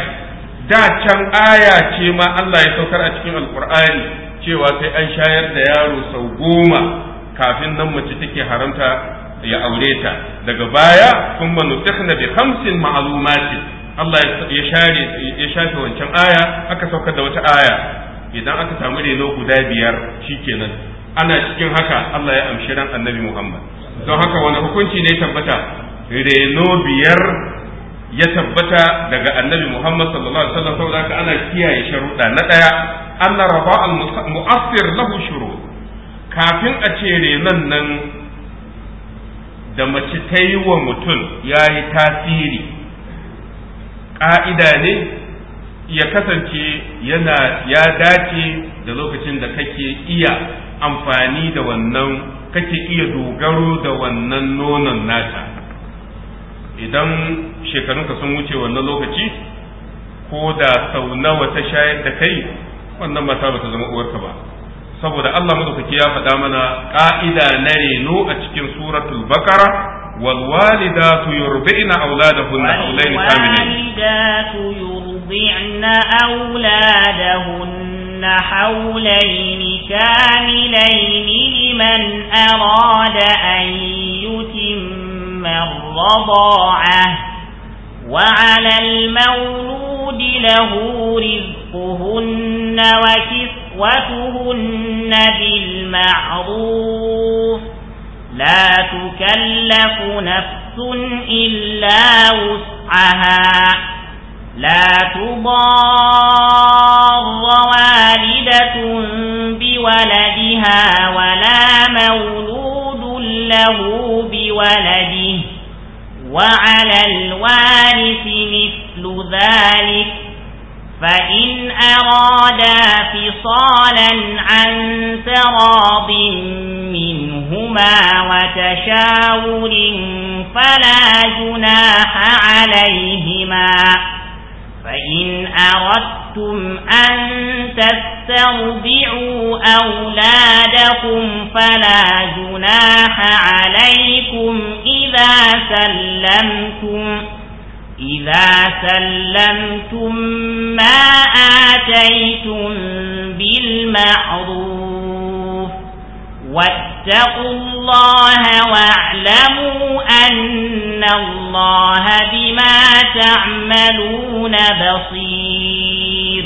da can aya ce ma Allah ya saukar a cikin alkur'ani cewa sai an shayar da yaro sau goma kafin nan mace take haramta ya aure ta daga baya sun manutakna bi hamsin ma'alumati Allah ya share ya shafe wancan aya aka saukar da wata aya idan aka samu reno guda biyar shikenan ana cikin haka Allah ya amshi ran annabi Muhammad don haka wani hukunci ne tabbata reno biyar ya tabbata daga annabi Muhammad sallallahu alaihi wasallam saboda haka ana kiyaye sharuɗa na ɗaya anna raba mu'assir lahu shiru. kafin a ce renon nan da mace ta wa mutum ya yi tasiri ƙa'ida ne ya kasance yana ya dace da lokacin da kake iya amfani da wannan kake iya dogaro da wannan nonon nata idan shekarunka sun wuce wannan lokaci ko da sau nawa ta shayar da kai wannan mata ba ta zama uwarka ba saboda Allah madaukaki ya faɗa mana ƙa'ida na reno a cikin suratul bakara والوالدات يرضعن أولادهن حولين كاملين والوالدات يرضعن أولادهن حولين كاملين لمن أراد أن يتم ثم الرضاعة وعلى المولود له رزقهن وكسوتهن بالمعروف لا تكلف نفس إلا وسعها لا تضار والدة بولدها ولا مولود له بولده وعلى الوارث مثل ذلك فإن أرادا فصالا عن تراض منهما وتشاور فلا جناح عليهما فإن أردتم أن تسترضعوا أولادكم فلا جناح عليكم إذا سلمتم إذا سلمتم ما آتيتم بالمعروف واتقوا الله واعلموا أن الله بما تعملون بصير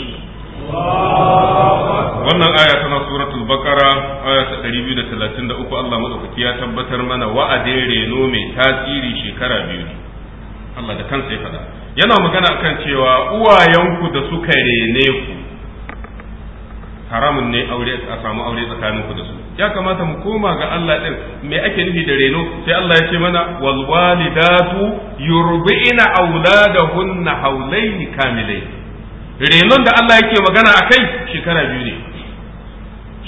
wannan aya tana suratul bakara aya ta 233 Allah madaukaki ya tabbatar mana wa'adin reno mai tasiri shekara biyu Allah da kansa ya faɗa yana magana kan cewa uwayenku da suka rene ku haramun ne aure a samu aure tsakaninku da su ya kamata mu koma ga Allah din me ake nufi da reno sai Allah ya ce mana wal walidatu yurbi'na auladahunna haulaini kamilai renon da Allah yake magana akai shekara biyu ne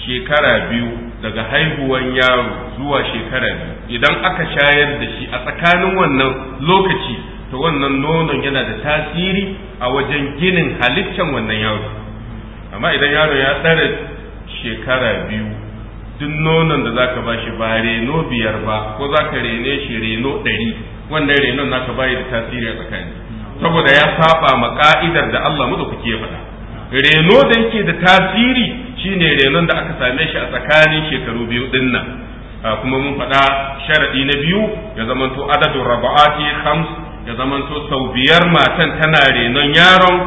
shekara biyu daga haihuwan yaro zuwa shekara biyu idan aka shayar da shi a tsakanin wannan lokaci to wannan nonon yana da tasiri a wajen ginin halittar wannan yaro amma idan yaro ya tsara shekara biyu duk nonon da zaka bashi ba reno biyar ba ko zaka rene shi reno ɗari wannan renon naka bayi da tasiri a tsakani saboda ya saba ma ka'idar da Allah muka ya faɗa reno da yake da tasiri shine renon da aka same shi a tsakanin shekaru biyu din nan ah, kuma mun faɗa sharadi na biyu ya zamanto adadin raba'ati khams ya zamanto sau biyar matan tana renon yaron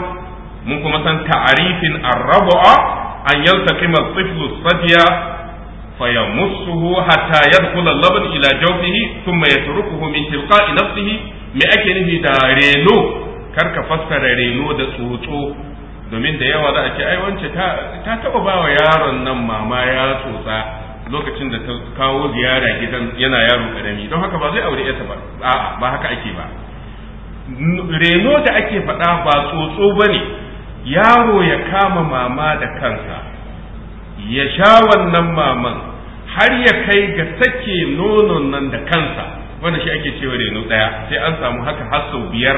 mun kuma san ta'arifin arraba'a an yaltaqima al-tiflu sadiya fayamussuhu hatta yadkhula al-laban ila jawfihi thumma yatrukuhu min tilqa'i nafsihi me ake nufi da reno kar ka fassara reno da tsotso domin da yawa za a ce ai wance ta ta taba bawa yaron nan mama ya tsotsa lokacin da ta kawo ziyara gidan yana yaro karami don haka ba zai aure yarsa ba a'a ba haka ake ba reno da ake faɗa ba tsotso bane yaro ya kama mama da kansa ya sha wannan maman har ya kai ga sake nonon nan da kansa wanda shi ake cewa reno daya sai an samu haka har sau biyar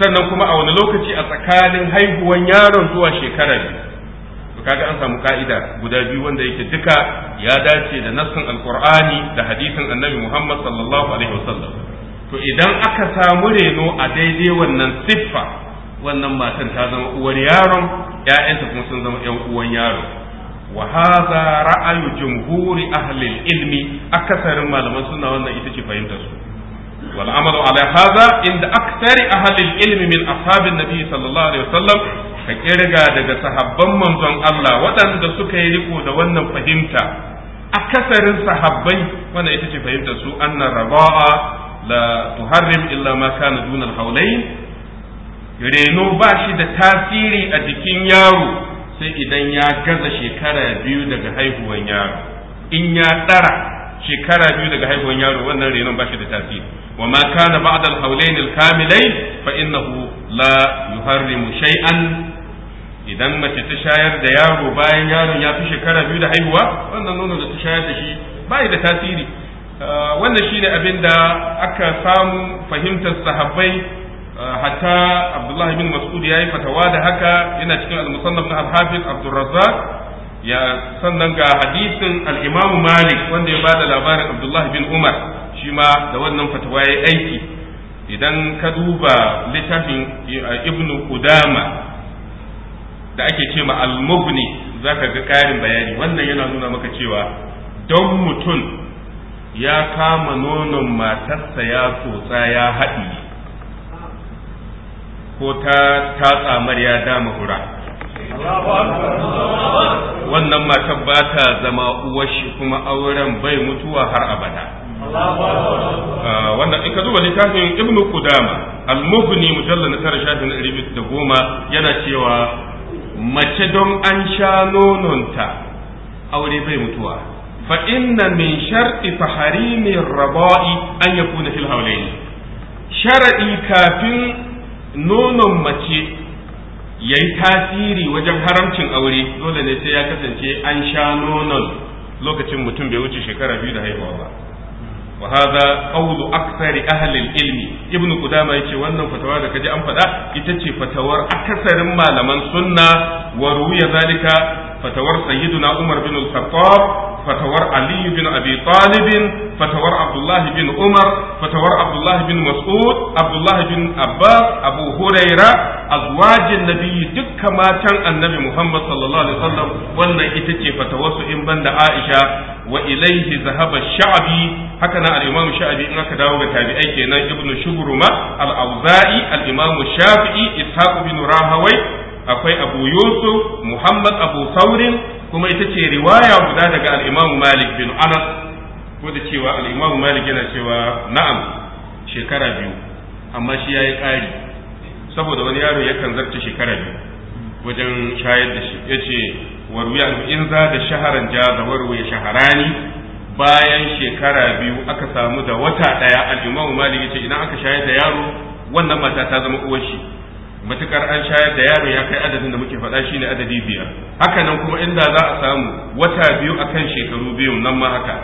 sannan kuma a wani lokaci a tsakanin haihuwan yaron zuwa shekara biyu kaga an samu ka'ida guda biyu wanda yake duka ya dace da nassin alqur'ani da hadisin annabi muhammad sallallahu alaihi wasallam to idan aka samu reno a daidai wannan siffa wannan matan ta zama uwar yaron 'ya'yanta kuma sun zama 'yan uwan yaron Wahaza hadha ra'ayu jumhuri ahli ilmi akasarin malaman suna wannan ita ce fahimtar su wal amalu ala hadha inda aksari ahli ilmi min ashabin nabi sallallahu alaihi wasallam ka ƙirga daga sahabban manzon Allah waɗanda suka yi riƙo da wannan fahimta akasarin sahabbai wannan ita ce fahimtar su anna la tuharrim illa ma kana duna al-hawlayn reno ba shi da tasiri a jikin yaro sai idan ya gaza shekara biyu daga haihuwan yaro in ya tsara shekara biyu daga haihuwan yaro wannan renon ba shi da tasiri wa ma kana ba'da al-hawlayn al-kamilayn fa innahu la yuharrimu shay'an idan mace ta shayar da yaro bayan yaron ya fi shekara biyu da haihuwa wannan nono da ta shayar da shi bai da tasiri ah, wannan shine abin da aka samu fahimtar sahabbai hatta abdullahi bin mas'ud yayi fatawa da haka yana cikin al-musannaf na al-hafiz ya sannan ga hadisin al-imam malik wanda ya bada labarin abdullahi bin umar shi ma da wannan fatawa yayi aiki idan ka duba littafin ibn qudama da ake ce ma al-mughni zaka ga karin bayani wannan yana nuna maka cewa don mutum ya kama nonon matarsa ya tsotsa ya haɗi. ko ta tatsa marya dama hura wannan matan ba ta zama uwar shi kuma auren bai mutuwa har abada ah, wannan in ka zuba littafin ibn kudama al-mughni mujallal na tara shafin ribit da goma yana cewa mace don an sha nononta aure bai mutuwa fa inna min shar'i faharimi raba'i an yakuna fil hawlaini Sharaɗi kafin nonon mace ya yi tasiri wajen haramcin aure dole ne sai ya kasance an sha nonon lokacin mutum bai wuce shekara biyu da haihuwa ba wa hadha qawlu aktsari ahli ilmi ibnu qudama yace wannan fatawa da kaji an faɗa ita ce fatawar akasarin malaman sunna wa ruya zalika fatawar na umar bin al-khattab fatawar Aliyu bin abi talib fatawar abdullah bin umar fatawar abdullah bin mas'ud abdullah bin Abba, abu huraira azwajin nabiyyi dukkan matan annabi muhammad sallallahu alaihi wasallam wannan ita ce fatawarsu in banda aisha wa ilaihi zahaba sha'bi haka na al Sha'abi in aka dawo ga tabi'ai kenan ibnu shubruma al-auza'i al-imam shafi'i ishaq bin rahawai akwai abu yusuf muhammad abu saurin kuma ita ce riwaya guda daga al'imamu malik bin anas ko da cewa al'imamu malik yana cewa na'am shekara biyu amma shi ya yi ƙari saboda wani yaro yakan zarce shekara biyu wajen shayar da shi ya ce warwiya in za da shaharan da warwiya shaharani bayan shekara biyu aka samu da wata ɗaya al'imamu malik ya ce idan aka shayar da yaro wannan mata ta zama uwar shi matukar an shayar da yaro ya kai adadin da muke faɗa shine adadi biyar Hakanan nan kuma inda za a samu wata biyu a kan shekaru biyu nan ma haka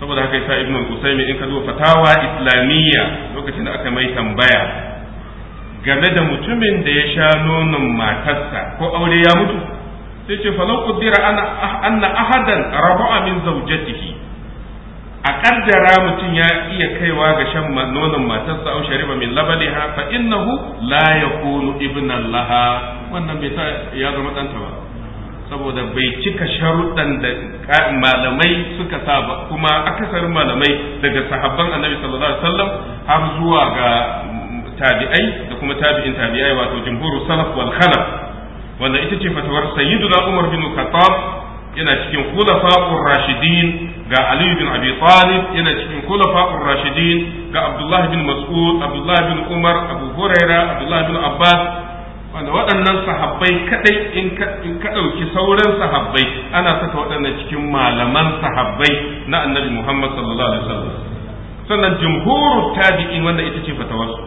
saboda haka yasa ibn kusaimi in ka zo fatawa islamiyya lokacin da aka mai tambaya game da mutumin da ya sha nonon matarsa ko aure ya mutu sai ce falau kudira ana anna ahadan raba'a min zaujatihi a kaddara mutum ya iya kaiwa ga shan nonon matarsa au shariba min labaliha fa innahu la yakunu ibnan laha wannan bai sa ya zama ɗanta ba saboda bai cika sharuɗan da malamai suka sa ba kuma akasarin malamai daga sahabban annabi sallallahu alaihi wasallam har zuwa ga tabi'ai da kuma tabi'in tabi'ai wato jumhuru salaf wal khalaf wanda ita ce fatawar sayyiduna umar bin khattab yana cikin khulafa'ur rashidin ga Aliyu bin Abi Talib yana cikin khulafa'ur rashidin ga Abdullahi bin Mas'ud Abdullahi bin Umar Abu Huraira Abdullahi bin Abbas wanda waɗannan sahabbai kadai in ka ɗauki sauran sahabbai ana saka waɗannan cikin malaman sahabbai na annabi Muhammad sallallahu alaihi wasallam sannan jumhurut tabi'in wanda ita ce fatawarsu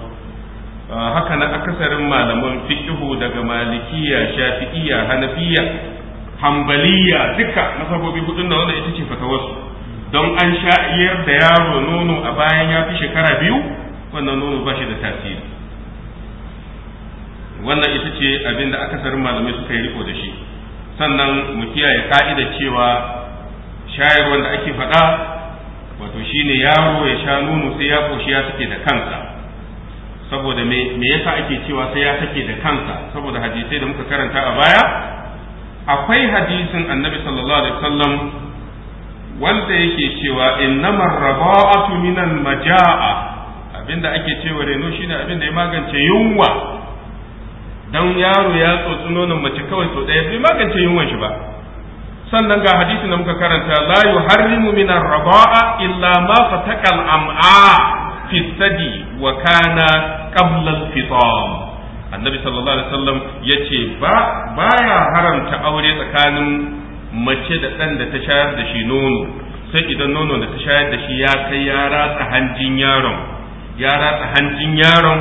ah, haka na akasarin malaman fiqhu daga malikiya shafi'iya hanafiya hambaliya duka masabobi hudun da wanda ita ce fatawarsu don an sha'iyar da yaro nono a bayan ya fi shekara biyu wannan nono ba shi da tasiri wannan ita ce abin da akasarin malamai suka yi riko da shi sannan mu kiyaye ka'ida cewa shayarwar da ake faɗa wato shine yaro ya sha nono sai ya koshi ya suke da kansa saboda me yasa ake cewa sai ya sake da kansa saboda hadisai da muka karanta a baya akwai hadisin annabi sallallahu alaihi wasallam wanda yake cewa innamar raba'atu minan maja'a abinda ake cewa reno shine abinda ya magance yunwa dan yaro ya tsotsi nonon mace kawai to daya bai magance yunwan shi ba sannan ga hadisi da muka karanta la yuharrimu minar raba'a illa ma fataqal am'a fi wa kana qabla al-fitam annabi sallallahu alaihi wasallam yace ba baya haramta aure tsakanin mace da ɗan da ta shayar da shi nono sai idan nono da ta shayar da shi ya kai ya ratsa hanjin yaron ya ratsa hanjin yaron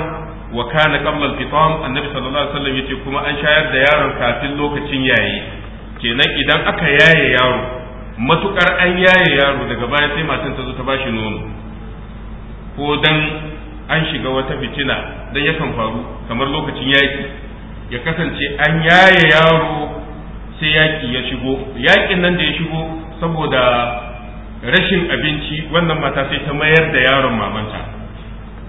wa kana qabla al-fitam annabi sallallahu alaihi wasallam yace kuma an shayar da yaron kafin lokacin yayi kenan idan aka yaye yaro matukar an yaye yaro daga baya sai matan ta zo ta bashi nono ko dan an shiga wata fitina dan yakan faru kamar lokacin yaki ya kasance an yaye yaro sai yaki ya shigo yakin nan da ya shigo saboda rashin abinci wannan mata sai ta mayar da yaron mamanta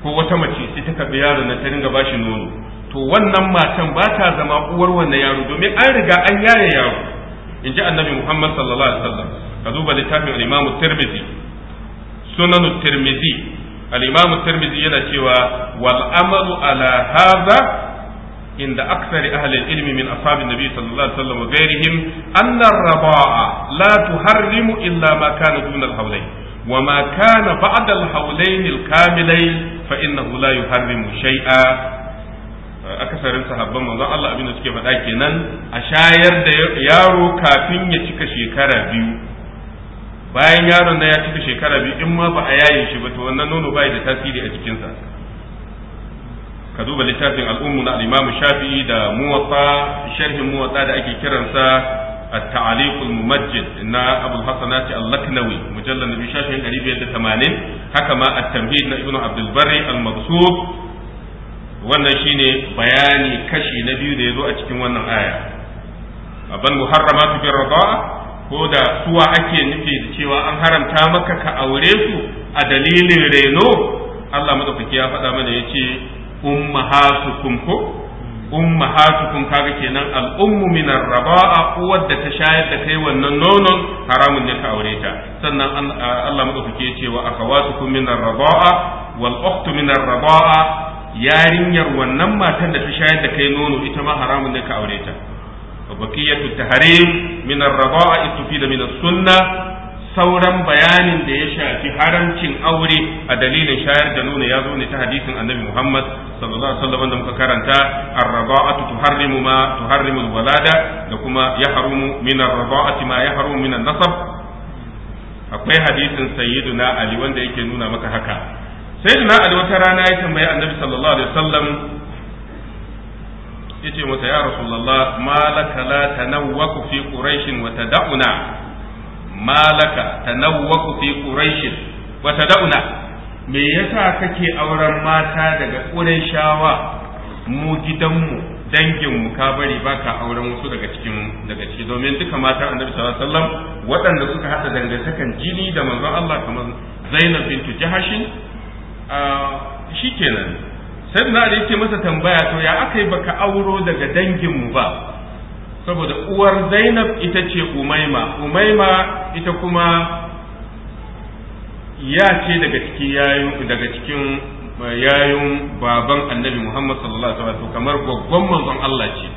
ko wata mace sai ta kaɓi yaron na ta ringa bashi nono to wannan matan ba ta zama uwar wannan yaro domin an riga an yaye yaro in ji annabi muhammad sallallahu alaihi wasallam ka duba littafin al-imam tirmidhi sunan tirmidhi al-imam tirmidhi yana cewa wal ala hadha inda aksari ahli ilmi min ashabin nabi sallallahu illa ma kana duna wa ma kana ba'da al-hawlayn al-kamilayn fa innahu sahabban manzon Allah suke faɗa kenan a shayar da yaro kafin ya cika shekara biyu bayan yaron na ya cika shekara biyu in ma ba a yaye shi ba to wannan nono bai da tasiri a jikinsa ka duba littafin al'ummu na al-Imam Shafi'i da Muwatta sharhin Muwatta da ake kiransa at-Ta'liq al-Mumajjid na Abu al-Hasanat al-Laknawi mujallal nabi shafin 580 haka ma at-Tamhid na Ibn Abdul Barri al-Maghsub wannan shine bayani kashi na biyu da yazo a cikin wannan aya abal muharramatu bir rida'a ko da suwa ake nufi da cewa an haramta maka ka aure su a dalilin reno Allah madaukaki ya faɗa mana yace ummahatukum ko ummahatukum kaga kenan al'ummu min ar-raba'a uwar da ta shayar da kai wannan nonon haramun ne ka aure ta sannan Allah ya yace wa akhawatukum min ar-raba'a wal ukhtu min rabaa yarinyar wannan matan da ta shayar da kai nono ita ma haramun ne ka aure ta bakiyatu tahrim min ar-rada'a tufida min as-sunna sauran bayanin da ya shafi haramcin aure a dalilin shayar da nuna ya zo ne ta hadisin annabi Muhammad sallallahu alaihi wasallam da muka karanta ar-rada'atu tuharrimu ma da kuma yahrumu min ar-rada'ati ma yahrumu min an-nasab akwai hadisin sayyiduna Ali wanda yake nuna maka haka sayyiduna Ali wata rana ya tambayi annabi sallallahu alaihi wasallam yace masa ya rasulullah malaka la tanawwaku fi quraish wa tad'una malaka tanawwaku fi quraish wa tad'una me yasa kake auren mata daga qurayshawa mu gidanmu danginmu ka bari baka auren wasu daga cikin daga ciki domin duka mata annabi sallallahu alaihi wasallam waɗanda suka hada dangantakan jini da manzon Allah kamar Zainab bintu Jahashin ah, shikenan sai na da yake masa tambaya to ya aka yi baka auro daga danginmu ba saboda uwar zainab ita ce umaima umaima ita kuma ya ce daga cikin yayin daga cikin eh, yayin baban annabi muhammad sallallahu alaihi wasallam kamar gwaggon manzon Allah ce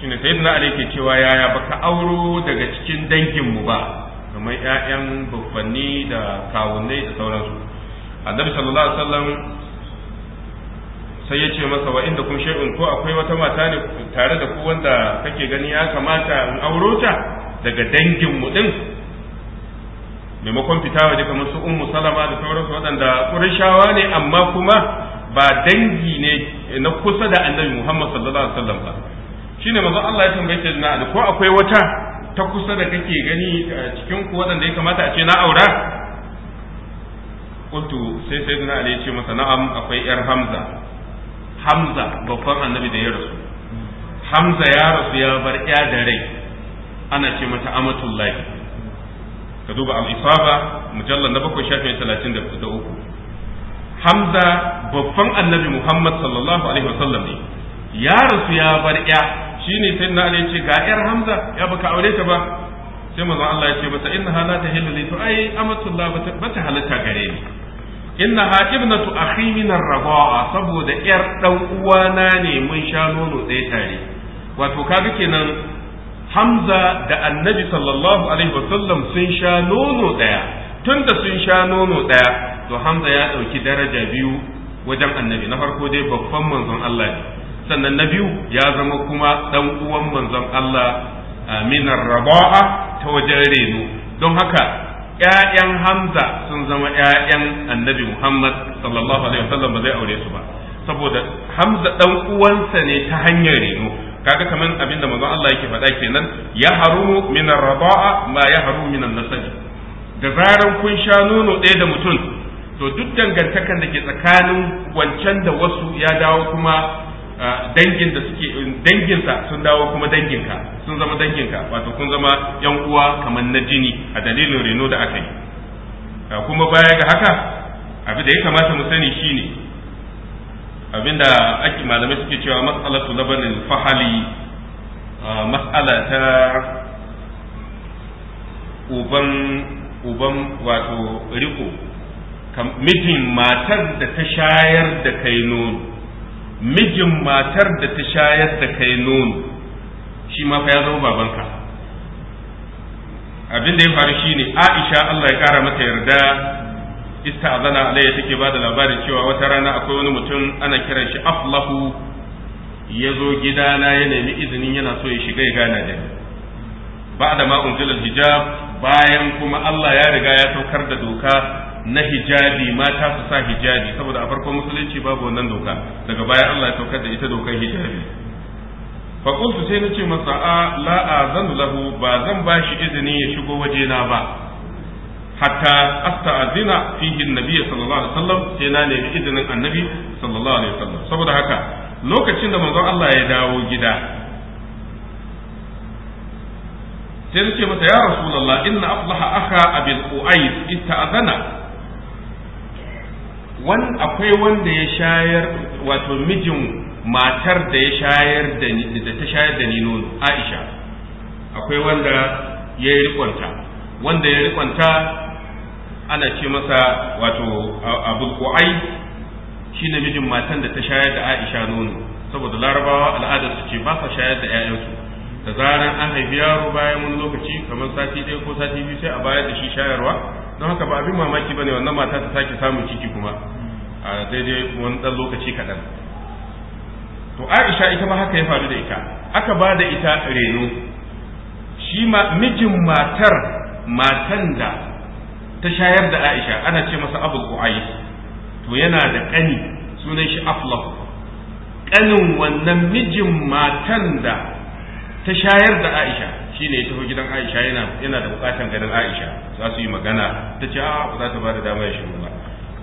shine sayyidina ali ke cewa yaya baka auro daga cikin danginmu ba kamar ƴaƴan babbanni da kawunnai da sauransu annabi sallallahu alaihi wasallam sai ya ce masa wa inda kun shay'un ko akwai wata mata ne tare da ku wanda kake gani ya kamata in auro ta daga dangin mu din maimakon fita waje kamar su ummu salama da sauransu waɗanda ƙurishawa ne amma kuma ba dangi ne na kusa da annabi muhammad sallallahu alaihi wasallam ba shine manzo Allah ya tambaye ta na ko akwai wata ta kusa da kake gani eh, cikin ku waɗanda ya kamata a ce na aura kuntu sai sayyidina ne ya ce masa na'am akwai yar hamza hamza babban annabi da ya rasu hamza ya rasu ya bar ya da rai ana ce mata amatullahi ka duba al-isaba mujallal na bakwai shafi talatin da uku hamza babban annabi muhammad sallallahu alaihi wasallam ne ya rasu ya bar ya shine sai na ali ce ga yar hamza ya baka aure ta ba sai manzon Allah ya ce mata inna halata tahillu to ai ba ta halatta gare ni inna ibnatu akhi min ar raba'a saboda yar dan uwana ne mun sha nono ɗaya tare wato kaga kenan Hamza da Annabi sallallahu alaihi wasallam sun sha nono ɗaya tunda sun sha nono ɗaya to Hamza ya ɗauki daraja biyu wajen Annabi na farko dai babban manzon Allah ne sannan na biyu ya zama kuma dan uwan manzon Allah min ar raba'a ta wajen reno don haka ƴaƴan Hamza sun zama ƴaƴan Annabi Muhammad sallallahu alaihi wasallam ba zai aure su ba saboda Hamza dan uwansa ne ta hanyar reno kaga kaman abinda manzon Allah yake faɗa kenan ya harumu min ar-rada'a ma ya harumu min an-nasab da zaran kun sha nono ɗaya da mutum to duk dangantakan da ke tsakanin wancan da wasu ya dawo kuma Ah, dangin da suke danginsa sun dawo kuma danginka sun zama danginka wato kun zama yan uwa kamar na jini a dalilin reno da aka yi ah, kuma baya ga haka abin da ya kamata mu sani shine abinda ake malamai suke cewa su labarin fahali ah, matsala ta uban uban wato riko mijin matar da ta shayar da kai nono mijin matar da ta shayar da kai nono shi ma fa ya zama babanka abin da ya faru shi ne Aisha Allah ya kara mata yarda ista azana alayya take ba da labarin cewa wata rana akwai wani mutum ana kiran shi Aflahu ya zo gidana ya nemi izinin yana so ya shiga ya gana da ni ba da ma'unjilar hijab bayan kuma Allah ya riga ya saukar da doka na hijabi mata su sa hijabi saboda a farkon musulunci babu wannan doka daga baya Allah ya saukar da ita dokar hijabi fa kuntu sai nace masa a la azanu lahu ba zan ba shi izini ya shigo waje na ba hatta asta'zina fihi annabi sallallahu alaihi wasallam sai na nemi izinin annabi sallallahu alaihi wasallam saboda haka lokacin da manzon Allah ya dawo gida sai nace masa ya rasulullah inna aflaha akha abil qais ista'zana wan akwai wanda ya shayar wato mijin matar da ya shayar da ni da ta shayar da ni nono Aisha akwai wanda ya yi rikonta wanda ya rikonta ana ce masa wato Abu shi shine mijin matan da ta shayar da Aisha nono saboda larabawa al'adar su ce ba sa shayar da 'ya'yansu da zaran an haifi yaro bayan wani lokaci kamar sati ɗaya ko sati biyu sai a bayar da shi shayarwa don haka ba abin mamaki bane wannan mata ta sake samun ciki kuma a daidai wani dan lokaci kaɗan to Aisha ita ba haka ya faru da ita aka ba da ita reno shi mijin matar matan da ta shayar da Aisha ana ce masa Abu to yana da ƙani sunan shi Aflah ƙanin wannan mijin matan da ta shayar da Aisha Shi ne ya tafi gidan Aisha yana yana da bukatan ganin Aisha za su yi magana ta ce a ba za ta ba da dama ya shigo ba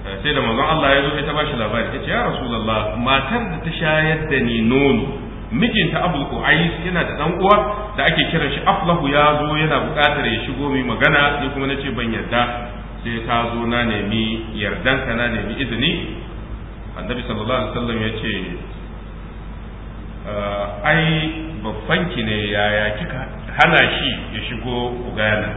eh, sai da manzon Allah ya zo ya ta ba shi labari ta ce ya Rasulullah matar da ta shayar da ni nono mijinta Abu Qais yana da dan uwa da ake kiran shi Aflahu ya zo yana bukatar ya shigo mai magana Sai kuma nace ban yarda sai ta zo na nemi yardanka na nemi izini annabi sallallahu alaihi wasallam ya ce eh, ai babban ki ne yaya kika hana shi ya shigo ugana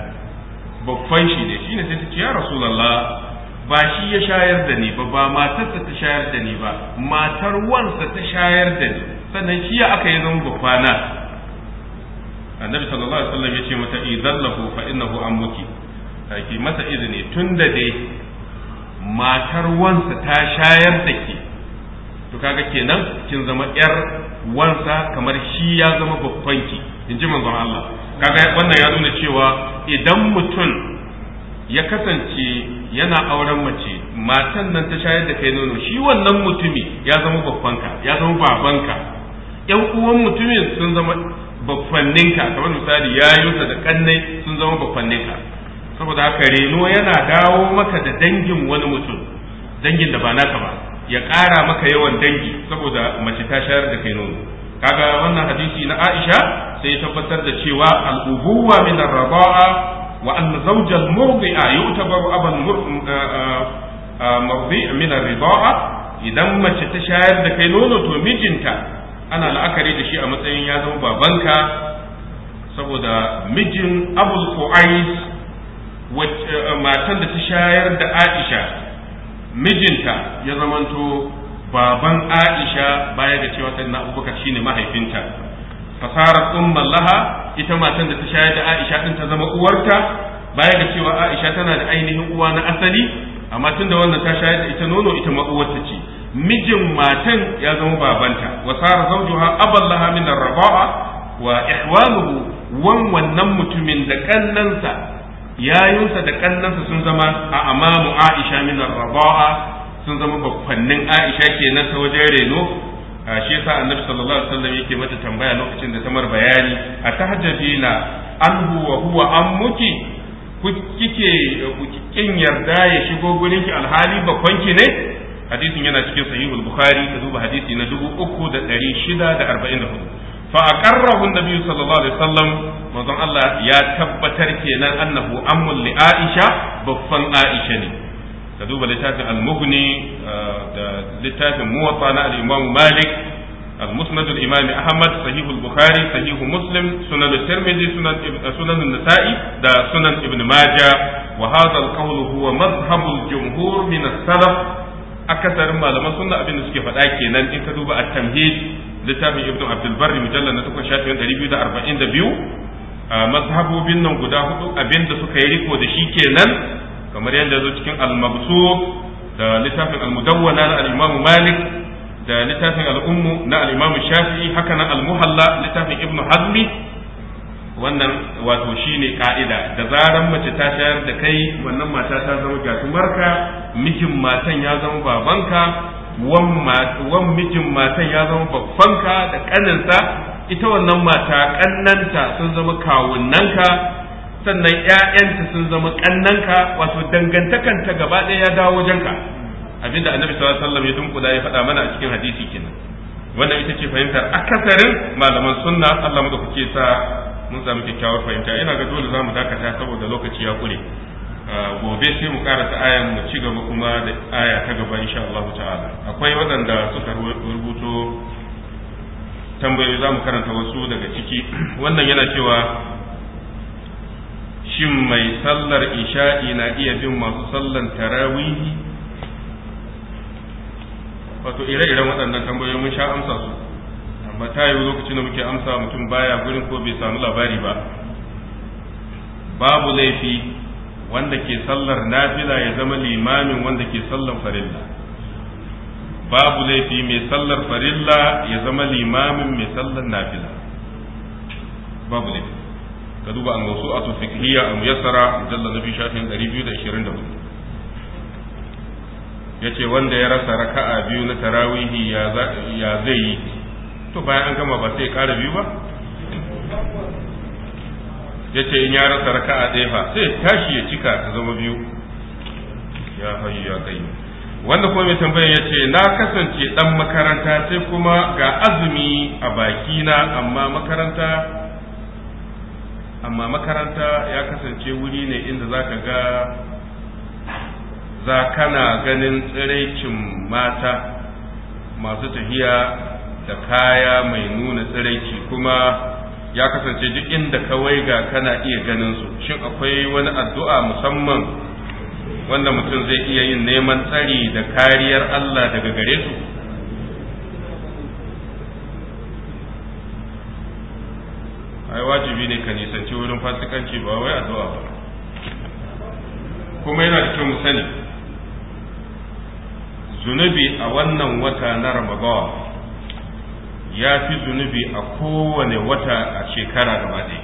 babban shi ne shine sai ta ce ya rasulullah ba shi ya shayar da ni ba ba matarsa ta shayar da ni ba matar wansa ta shayar da ni sannan shi ya aka yi zama babana annabi sallallahu alaihi wasallam ya ce mata idan lahu fa innahu ammuki ki masa izini tunda dai matar wansa ta shayar da ki to kaga kenan kin zama yar wansa kamar shi ya zama ki in ji manzon Allah kaga wannan ya nuna cewa idan mutum ya kasance yana auren mace matan nan ta shayar da kai nono shi wannan mutumi ya zama babbanka ya zama babanka yan uwan mutumin sun zama babbanninka kamar misali yayinsa da kannai sun zama babbanninka saboda haka reno yana dawo maka da dangin wani mutum dangin da ba naka ba ya ƙara maka yawan dangi saboda mace ta shayar da kai nono kaga wannan hadisi na Aisha sai ya tabbatar da cewa al-ubuwa min ar-raba'a wa anna zawjal murdi'a yutabaru aban uh, uh, uh, murdi min ar-rida'a idan mace ta shayar da kai nono to mijinta ana la'akari da shi a matsayin ya zama babanka saboda mijin Abul Qais matan da ta shayar da Aisha mijinta ya zamanto baban Aisha baya ga cewa sayyidina Abubakar shine mahaifinta fasarar umman laha ita matan da ta shayar da Aisha din ta zama uwarta baya ga cewa Aisha tana da ainihin uwa na asali amma da wannan ta shayar da ita nono ita ma uwarta ce mijin matan ya zama babanta wa sara zawjuha aban laha min ar wa ihwanuhu wan wannan mutumin da kannansa yayunsa da kannansa sun zama a amamu aisha min raba'a sun zama bakwannin aisha kenan ta wajen reno shi yasa annabi sallallahu alaihi wasallam yake mata tambaya lokacin da ta mar bayani a tahjabina an an huwa an ammuki kike kin yarda ya shigo gurin ki alhali bakwanki ne hadisin yana cikin sahihul bukhari ka duba hadisi na 3644 fa aqarrahu an sallallahu alaihi wasallam manzon Allah ya tabbatar kenan annahu ammul Aisha baffan Aisha ne ka duba littafin al-mughni uh, da littafin muwatta na al Malik al-musnad al Ahmad sahih al-Bukhari sahih Muslim sunan al-Tirmidhi sunan uh, sunan an-Nasa'i da sunan Ibn Majah wa hadha al-qawl huwa madhhab al-jumhur min salaf akasarin malaman sunna abin da suke faɗa kenan in ka duba a tamhid littafin Ibnu abdul barri mujallal na takwas shafin 242 mazhabobin nan guda hudu abinda suka yi riko da shi kenan kamar yadda zo cikin al da littafin Almudawwana na al malik da littafin al'ummu na al shafi, shafi'i haka nan littafin Ibnu hazmi wannan wato shine ka'ida da zaran mace ta shayar da kai wannan mata ta zama gatumarka mijin matan ya zama babanka wan mijin matan ya zama babbanka da kaninsa ita wannan mata kannanta sun zama kawunanka, sannan ƴaƴanta sun zama kannanka wato dangantakanta gaba ɗaya ya dawo wajenka abinda annabi sallallahu alaihi wasallam ya dunkula ya faɗa mana a cikin hadisi kenan wannan ita ce fahimtar akasarin malaman sunna Allah mu da kuke sa mun samu kyakkyawar fahimta ina ga dole za mu dakata saboda lokaci ya kure Eh, gobe sai mu karasa ayan mu ci gaba kuma da aya ta gaba insha Allah ta'ala akwai waɗanda suka rubuto tambayoyi za mu karanta wasu daga ciki wannan yana cewa shin mai sallar isha'i na iya bin masu sallan tarawihi wato ire-iren waɗannan tambayoyi mun sha amsa su amma ta yiwu lokacin da muke amsa mutum baya gurin ko bai samu labari ba babu laifi wanda ke sallar nafila ya zama limamin wanda ke sallar farilla babu laifi mai sallar farilla ya zama limamin mai sallar nafila babu laifi ka duba an gausu a tufikiyya a muyassara na nabi shafin 224 ya ce wanda ya rasa raka'a biyu na tarawihi ya zai yi to bayan an gama ba sai ya kara biyu ba ya ce in ya rasa a ɗaya ba sai tashi ya cika ta zama biyu ya hayu ya kai wanda kuma mai tambayan ya ce na kasance ɗan makaranta sai kuma ga azumi a na amma makaranta amma makaranta ya kasance wuri ne inda za ka ga za kana ganin tsiraicin mata masu tafiya da kaya mai nuna tsiraici kuma ya kasance duk inda kawai ga kana iya ganin su shin akwai wani addu'a musamman wanda mutum zai iya yin neman tsari da kariyar Allah daga gare su ai wajibi ne ka nisanci wurin fasikanci ba wai addu'a ba kuma yana da kyau mu sani zunubi a wannan wata na Ramadan ya fi zunubi a kowane wata a shekara gaba baɗe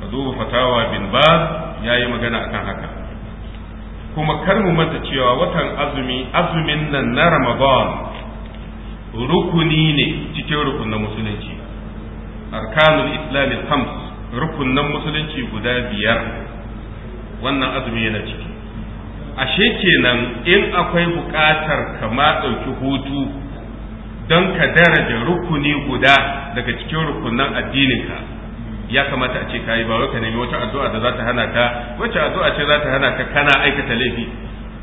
ka duba fatawa bin ba ya yi magana akan haka kuma kar mu manta cewa watan azumi azumin nan na ramadan rukuni ne cikin rukunan musulunci arkanul islamic hams rukunan musulunci guda biyar wannan azumi yana ciki ashe kenan in akwai buƙatar kama ɗauki hutu don ka daraja rukuni guda daga cikin rukunan addininka ya kamata a ce kayi ba wai ka nemi wata addu'a da za ta hana ka wacce addu'a ce za ta hana ka kana aikata laifi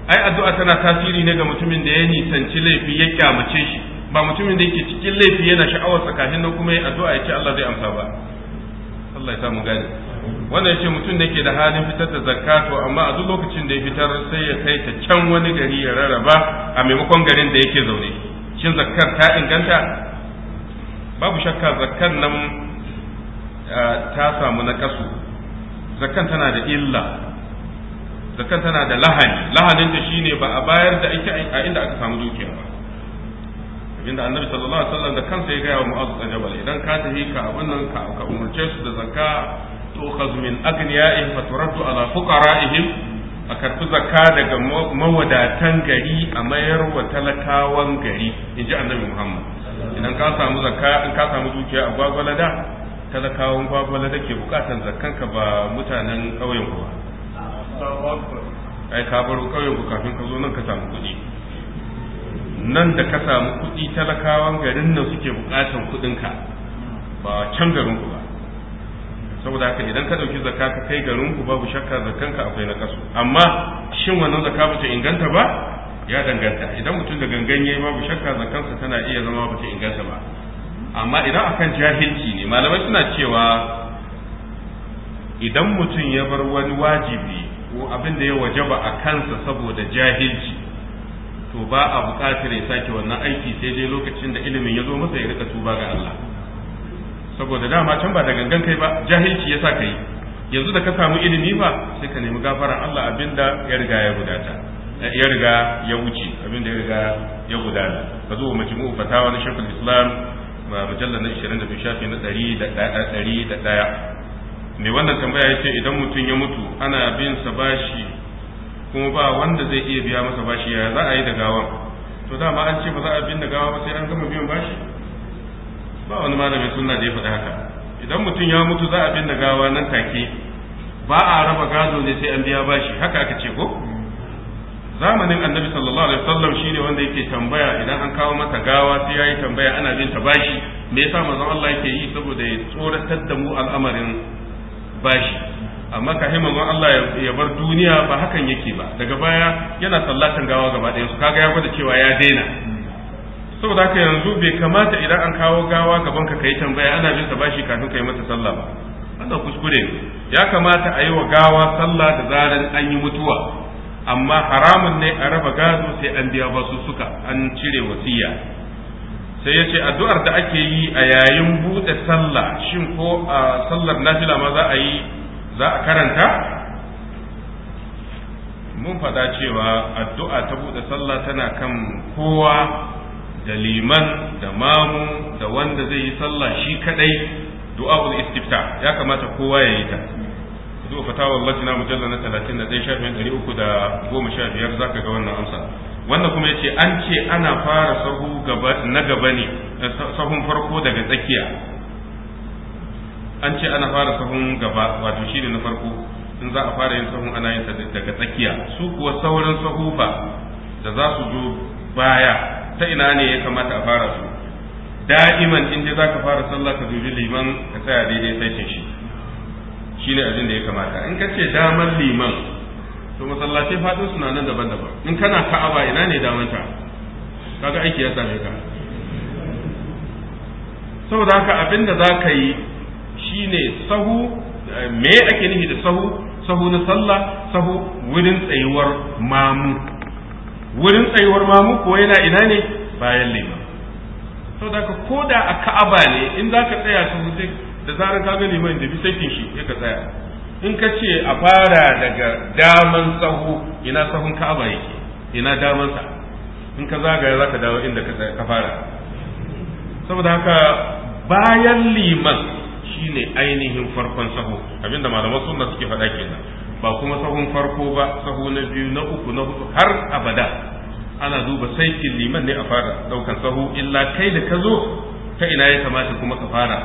ai addu'a tana tasiri ne ga mutumin da ya nisanci laifi ya kyamace shi ba mutumin da yake cikin laifi yana sha'awar tsakanin nan kuma ya addu'a ya ce Allah zai amsa ba Allah ya samu gani wannan ce mutum da ke da halin fitar da zakka to amma a duk lokacin da ya fitar sai ya kai ta can wani gari ya rarraba a maimakon garin da yake zaune shin zakkar ta inganta babu shakka zakkar nan ta samu na kasu zakkan tana da illa zakkan tana da lahani lahanin ta shine ba a bayar da ake a inda aka samu dukiya ba abinda annabi sallallahu alaihi wasallam da kansa ya gaya wa mu'azz da jabal idan ka tafi ka abin nan ka umurce su da zakka to khazmin agniyaihim fa turaddu ala fuqaraihim a karfi zakka daga mawadatan gari a mayar wa talakawan gari in ji annabi muhammad idan ka samu zakka in ka samu dukiya a gwagwalada talakawan gwagwalada ke bukatan zakkanka ba mutanen ƙauyen ku ba ai ka baro ƙauyen ku kafin ka zo nan ka samu kuɗi nan da ka samu kuɗi talakawan garin nan suke bukatan kuɗinka ba can garin ku ba saboda haka idan ka dauki zakka ka kai garin ku babu shakka ka, akwai na kasu amma shin wannan zakka bata inganta ba ya danganta idan mutum da gangan yayi babu shakka sa tana iya zama bata inganta ba amma idan akan jahilci ne malamai suna cewa idan mutum ya bar wani wajibi ko abin da ya wajaba a kansa saboda jahilci to ba a buƙatar ya sake wannan aiki sai dai lokacin da ilimin ya zo masa ya rika tuba ga Allah saboda dama can ba da gangan kai ba jahilci yasa ka yi yanzu da ka samu ilimi ba sai ka nemi gafara. Allah abinda ya riga ya gudata eh, ya riga ya wuce abinda ya riga ya gudana ka zo majmu'u fatawa na shafin islam mujallal na 22 shafi na 101 wannan tambaya ya idan mutum ya mutu ana bin sa bashi kuma ba wanda zai iya biya masa bashi ya za a yi da gawan to dama an ce ba za a bin da gawa ba sai an gama biyan bashi ba wani malamin sunna da ya faɗi haka idan mutum ya mutu za a binne gawa nan take ba a raba gado ne sai an biya bashi haka aka ce ko zamanin annabi sallallahu alaihi wasallam shine wanda yake tambaya idan an kawo mata gawa sai yayi tambaya ana bin ta bashi me yasa manzon Allah yake yi saboda ya tsoratar da mu al'amarin bashi amma ka hima manzon Allah ya bar duniya ba hakan yake ba daga baya yana sallatan gawa gaba ɗaya su kaga ya gwada cewa ya daina saboda haka yanzu bai kamata idan an kawo gawa gaban ka kai tambaya ana bin sa bashi kafin kai mata sallah ba wannan kuskure ya kamata a yi wa gawa sallah da zaran an yi mutuwa amma haramun ne a raba gado sai an biya su suka an cire wasiya sai yace addu'ar da ake yi a yayin buɗe sallah shin ko a sallar nafila ma za a yi za a karanta mun faɗa cewa addu'a ta buɗe sallah tana kan kowa da liman da mamu da wanda zai yi sallah shi kadai Du'a ul istifta ya kamata kowa ya yi ta zuwa fatawar na mujalla na 31 shafin 315 zaka ga wannan amsa wannan kuma yace an ce ana fara sahu gaba na gaba ne eh, sahun farko daga tsakiya an ce ana fara sahun gaba wato shine na farko in za a fara yin sahun ana yin daga tsakiya su kuwa sauran sahufa da za su zo baya ta ina ne ya kamata a fara su da'iman in dai ka fara sallah ka dubi liman ka tsaya daidai saikin shi shine abin da ya kamata in ka ce damar liman to masallatai fadin suna nan daban-daban in kana ka'aba ina ne damanta kaga aiki ya same ka saboda haka abin da ka yi shine sahu eh, me ake nufi da sahu sahu na sallah sahu wurin tsayuwar mamu wurin tsayuwar mamu ko yana ina ne bayan liman sau da ka koda a ka'aba ne in za ka tsaya su sai da zarar ka ga liman da bi shi ya ka tsaya in ka ce a fara daga daman sahu ina sahun ka'aba yake ina daman sa in ka zagaya za ka dawo inda ka fara saboda haka bayan liman shine ainihin farkon sahu abinda malaman sunna suke faɗa kenan ba kuma sahun farko ba sahu na biyu na uku na hudu har abada ana duba saikin liman ne a fara daukan sahu illa kai da ka zo ta ina ya kamata kuma ka fara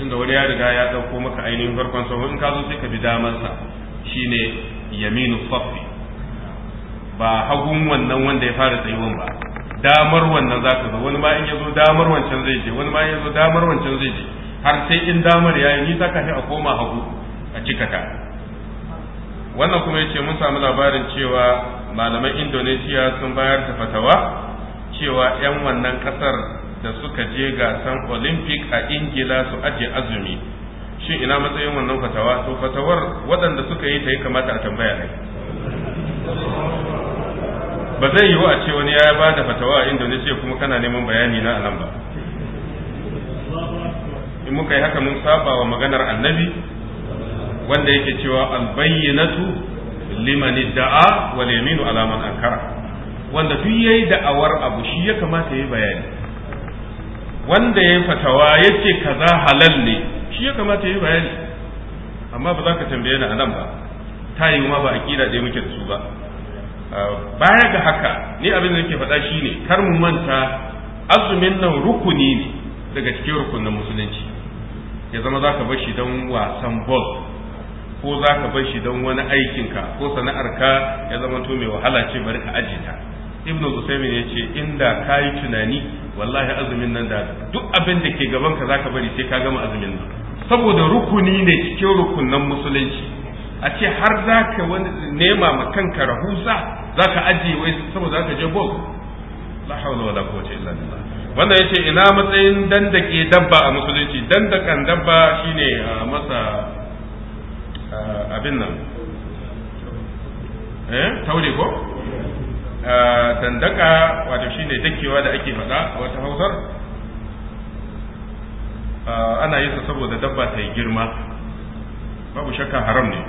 tunda wani ya riga ya dauko maka ainihin farkon sahu in ka zo sai ka bi sa shine yaminu safi ba hagun wannan wanda ya fara tsayuwan ba damar wannan zaka zo wani ma in ya damar wancan zai je wani ma in ya damar wancan zai je har sai in damar yayi ni zaka kafi a koma hagu a cika ta wannan kuma yace mun samu labarin cewa malaman Indonesia sun bayar da fatawa cewa 'yan wannan kasar da suka je gasan Olympic a Ingila su ajiye azumi shin ina matsayin wannan fatawa to fatawar waɗanda suka yi ta yi kamata a tambaya ne ba zai yiwu a ce wani ya ba da fatawa a Indonesia kuma kana neman bayani na anan ba in muka yi haka mun saba wa maganar annabi wanda yake cewa albayyinatu liman da'a wal yaminu ala man ankara wanda duk yayi da'awar abu shi ya kamata yayi bayani wanda yayi fatawa yace kaza halal ne shi ya kamata yayi bayani amma ba za ka tambaye ni anan ba ta yi ma ba aqida da muke da su ba ah, baya ga haka ni abin da nake faɗa shine kar mu manta azumin nan rukuni ne daga cikin rukunin musulunci ya zama za ka bar shi don wasan bol ko za ka bar shi don wani aikinka ko sana'arka ya zama to mai wahala ce bari ka aje ta ibnu usaymin ya ce inda ka yi tunani wallahi azumin nan da duk abin da ke gaban ka zaka bari sai ka gama azumin nan saboda rukuni ne cikin rukunan musulunci a ce har za ka wani nema ma kanka rahusa za ka aje wai saboda za ka je bog la hawla wala quwwata illa billah wannan yace ina matsayin dandake dabba a musulunci dandakan dabba shine ah, masa Eh, abin nan eh taure ko dandaka eh, wato shine dakewa da ake faɗa wata hausar eh, ana yin sa saboda dabba ta yi girma babu shakka haram ne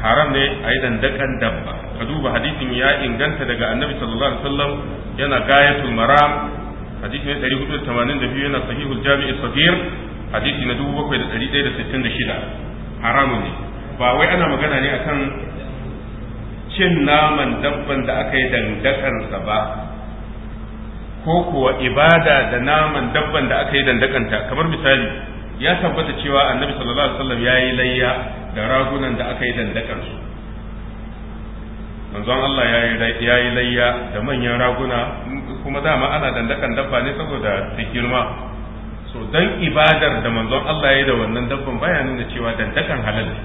haram ne a yi dandakan dabba ka duba hadisin ya inganta daga annabi sallallahu alaihi wasallam yana gayatul maram hadisi ne 482 yana sahihul jami'i sabir hadisi na dubu bakwai da da da sittin shida haramun ne ba wai ana magana ne akan cin naman dabban da aka yi dandakansa ba ko kuwa ibada da naman dabban da aka yi dandakanta kamar misali ya tabbata cewa annabi sallallahu alaihi wasallam ya yi layya da ragunan da aka yi dandakansu manzon Allah ya yi layya da manyan raguna kuma dama ana dandakan dabba ne saboda ta girma so dan ibadar da manzon Allah ya da wannan dabban baya nuna cewa dandakan halal ne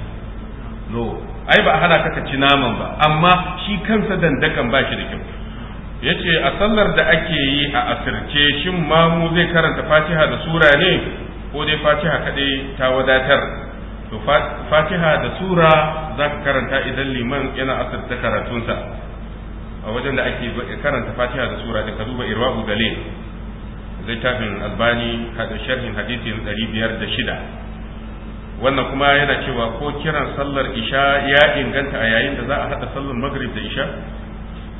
no ai ba hana ka ci naman ba amma shi kansa dandakan ba shi da kyau yace a sallar da ake yi a asirce shin mamu zai karanta fatiha da sura ne ko dai fatiha kadai ta wadatar to fatiha da sura za ka karanta idan liman yana asirta karatunsa a wajen da ake karanta fatiha da sura da ka duba irwa'u dalil littafin albani sharhin hadisin 506 wannan kuma yana cewa ko kiran sallar isha ya inganta a yayin da za a hada sallar magrib da isha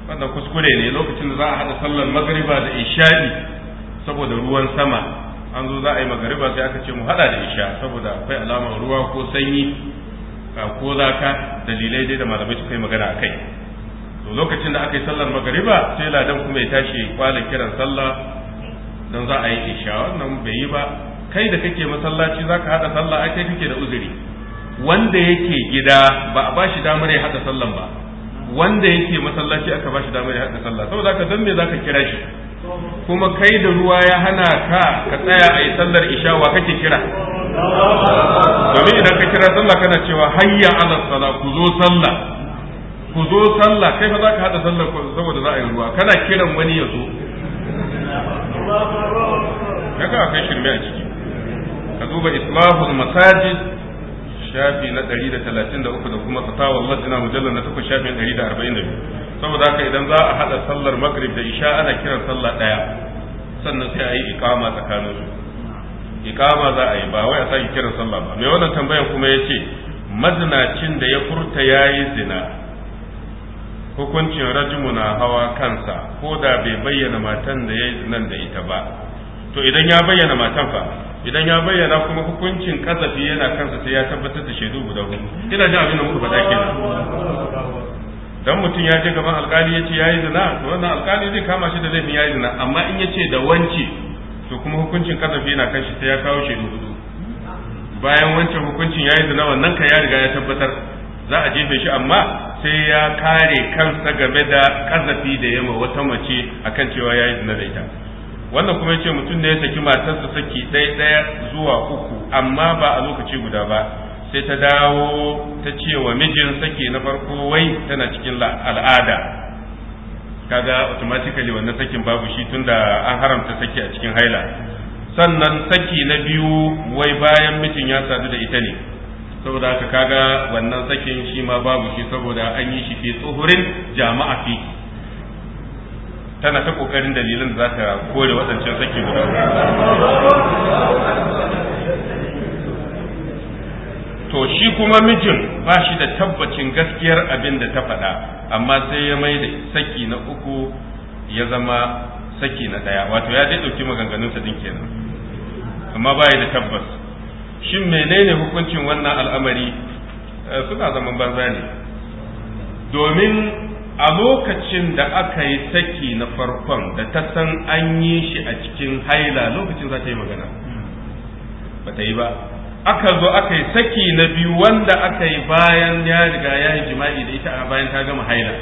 wannan kuskure ne lokacin da za a hada sallar magriba da ne saboda ruwan sama an zo za a yi magariba sai aka ce mu hada da isha saboda akwai alamar ruwa ko sanyi ko zaka dalilai dai da malamai suka yi magana akai to lokacin da aka yi sallar magariba sai ladan kuma ya tashi kwala kiran sallah don za a yi isha wannan bai yi ba kai da kake masallaci za ka haɗa sallah ai kai kake da uzuri wanda yake gida ba a bashi damar ya haɗa sallan ba wanda yake masallaci aka bashi damar ya haɗa sallah saboda ka dan me za ka kira shi kuma kai da ruwa ya hana ka ka tsaya a yi sallar isha wa kake kira domin idan ka kira sallah kana cewa hayya ala sallah ku zo sallah ku zo sallah kai fa za ka haɗa sallar saboda za a yi ruwa kana kiran wani ya zo kaga kai shirme a ciki ka duba islahul masajid shafi na 133 da kuma fatawar na mujallar na takwas shafin 142 saboda haka idan za a hada sallar maghrib da isha ana kiran sallah daya sannan sai a yi ikama tsakanin su ikama za a yi ba wai a sake kiran sallah ba mai wannan tambayan kuma yace maznacin da ya furta yayi zina hukuncin rajimu na hawa kansa ko da bai bayyana matan da ya yi zinan da ita ba to idan ya bayyana matan fa idan ya bayyana kuma hukuncin kazafi yana kansa sai ya tabbatar da shaidu guda hudu ina jin abin da muka faɗa kenan dan mutum ya je gaban alkali ya ce ya yi zina to wannan alkali zai kama shi da laifin ya yi zina amma in ya ce da wance to kuma hukuncin kazafi yana kansa sai ya kawo shaidu hudu bayan wancan hukuncin ya yi zina wannan ka ya riga ya tabbatar za a jefe shi amma sai ya kare kansa game da kazafi da yamma wata mace akan cewa ya yi zina da ita wannan kuma ya ce mutum da ya saki matarsa saki ɗaya ɗaya zuwa uku amma ba a lokaci guda ba sai ta dawo ta ce wa mijin saki na farko wai tana cikin al'ada kaga otomatikali wannan sakin babu shi tunda an haramta saki a cikin haila sannan saki na biyu wai bayan mijin ya sadu da ita ne saboda haka kaga wannan sakin shi ma babu shi saboda an yi shi fi tsohurin jama'a fi tana ta kokarin dalilin da za ta kore waɗancan saki guda to shi kuma mijin ba shi da tabbacin gaskiyar abin da ta faɗa amma sai ya mai da saki na uku ya zama saki na ɗaya wato ya dai ɗauki maganganunsa din kenan amma ba da tabbas shin menene hukuncin wannan al'amari eh, suna zaman banza ne domin a lokacin da aka yi saki na farkon da ta san an yi shi a cikin haila lokacin za ta yi magana ba ta yi ba aka zo aka yi saki na biyu wanda aka yi bayan ya riga ya yi jima'i da ita a bayan ta gama haila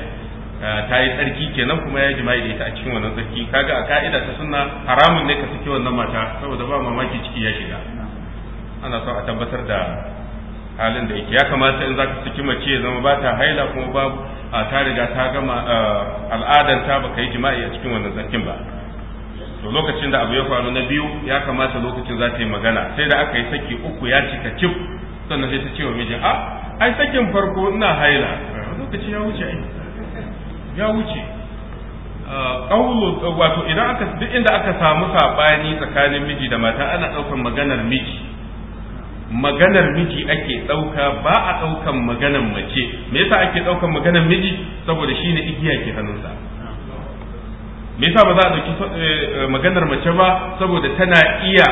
eh, ta yi tsarki kenan kuma ya yi jima'i da ita a cikin wannan tsarki kaga a ka'ida ta suna haramun ne ka saki wannan mata saboda ba mamaki ciki ya shiga ana so a tabbatar da halin da yake ya kamata in zaka saki mace ya zama ba ta haila kuma babu a ta riga ta gama al'adar ta baka yi jima'i a cikin wannan sakin ba to lokacin da abu ya faru na biyu ya kamata lokacin za ta yi magana sai da aka yi saki uku ya cika cif sannan sai ta ce wa mijin a ah, ai sakin farko ina haila lokaci ya wuce ai ya wuce wato idan aka duk inda aka samu sabani tsakanin miji da mata ana ɗaukar maganar miji maganar miji ake ɗauka ba a ɗaukan maganar mace me yasa ake ɗaukan maganar miji saboda shi ne igiya ke hannunsa me yasa ba za a ɗauki eh, maganar mace ba saboda tana iya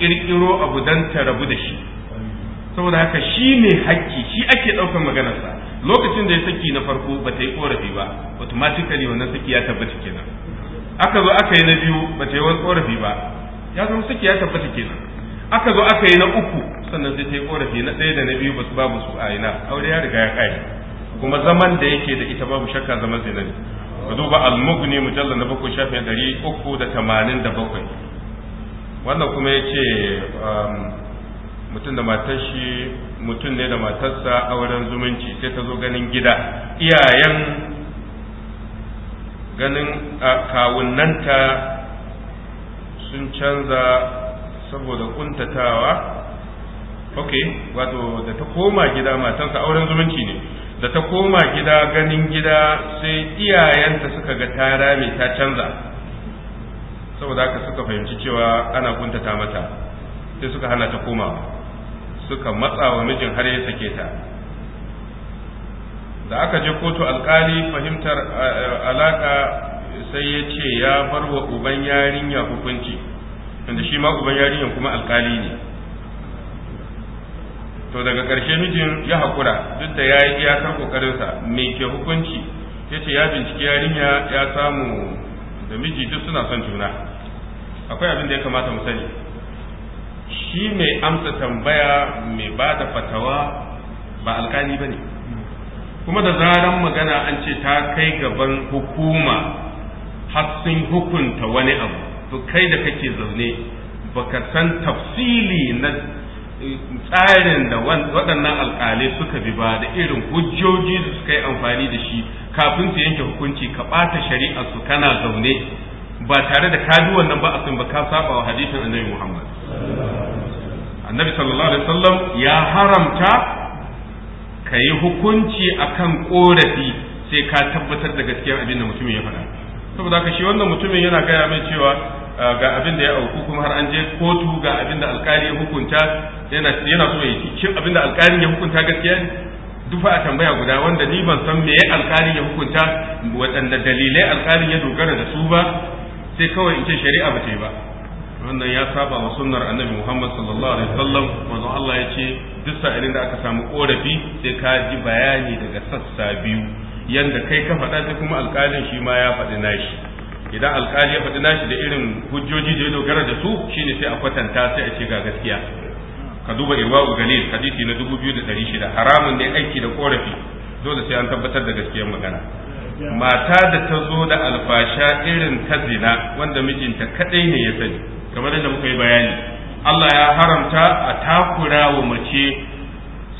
ƙirƙiro abu don ta rabu da shi saboda haka shi ne hakki shi ake ɗaukan maganarsa lokacin da ya saki na farko ba ta yi ƙorafi ba automatically wannan saki ya tabbata kenan aka zo aka yi na biyu ba ta yi wani ƙorafi ba ya zama saki ya tabbata kenan aka zo aka yi na uku sannan sai ta yi korafi na ɗaya da na biyu su babu su a ina aure ya riga ya kai kuma zaman da yake da ita babu shakka zaman zai nan ka duba al-mughni mujallal na bakwai shafi ɗari uku da tamanin da bakwai wannan kuma ya ce um, mutum da matar shi mutum ne da matarsa auren zumunci sai ta zo ganin gida iyayen ganin kawunanta sun canza saboda kuntatawa ok wato da ta koma gida matansa auren zumunci ne da ta koma gida ganin gida sai iyayenta suka ga ta rame ta canza saboda haka suka fahimci cewa ana kuntata mata sai suka hana ta koma suka matsa wa mijin har ya sake ta da aka je kotu alkali fahimtar eh, eh, alaka sai ya ce ya bar wa uban yarinya hukunci tunda shi ma uban yarinyar kuma alkali ne to daga ƙarshe mijin ya haƙura duk da ya yi iyakar ƙoƙarinsa mai ke hukunci ya ce ya binciki yarinya ya samu da miji duk suna son juna akwai abin da ya kamata mu sani shi mai amsa tambaya mai ba fatawa ba alkali ba ne kuma da zaran magana an ce ta kai gaban hukuma har sun hukunta wani abu to kai da kake zaune baka san tafsili na eh, tsarin da waɗannan alƙalai suka bi ba da irin hujjoji da suka yi amfani da shi kafin su yanke hukunci ka ɓata shari'ar su kana zaune ba tare da ka bi wannan ba a ba ka saba wa hadisin annabi Muhammad annabi sallallahu alaihi wasallam ya haramta ka yi hukunci akan korafi sai ka tabbatar da gaskiyar abin da mutumin ya faɗa saboda ka shi wannan mutumin yana gaya mai cewa ga abin da ya auku kuma har an je kotu ga abin da alkali ya hukunta yana yana so yi shin abin da alkali ya hukunta gaskiya ne dufa a tambaya guda wanda ni ban san me alkali ya hukunta waɗanda dalilai alkali ya dogara da su ba sai kawai in ce shari'a ba ta yi ba wannan ya saba wa sunnar annabi Muhammad sallallahu alaihi wasallam manzo Allah ya ce duk sa'ilin da aka samu korafi sai ka ji bayani daga sassa biyu yanda kai ka faɗa sai kuma alkalin shi ma ya faɗi nashi idan alkali ya faɗi nashi da irin hujjoji da ya dogara da su shine sai a kwatanta sai a ce ga gaskiya ka duba irwa'u galil hadisi na dubu biyu da shida. haramun ne aiki da korafi dole sai an tabbatar da gaskiyar magana mata da ta zo da alfasha irin ta zina wanda mijinta kaɗai ne ya sani kamar yadda muka yi bayani Allah ya haramta a takura wa mace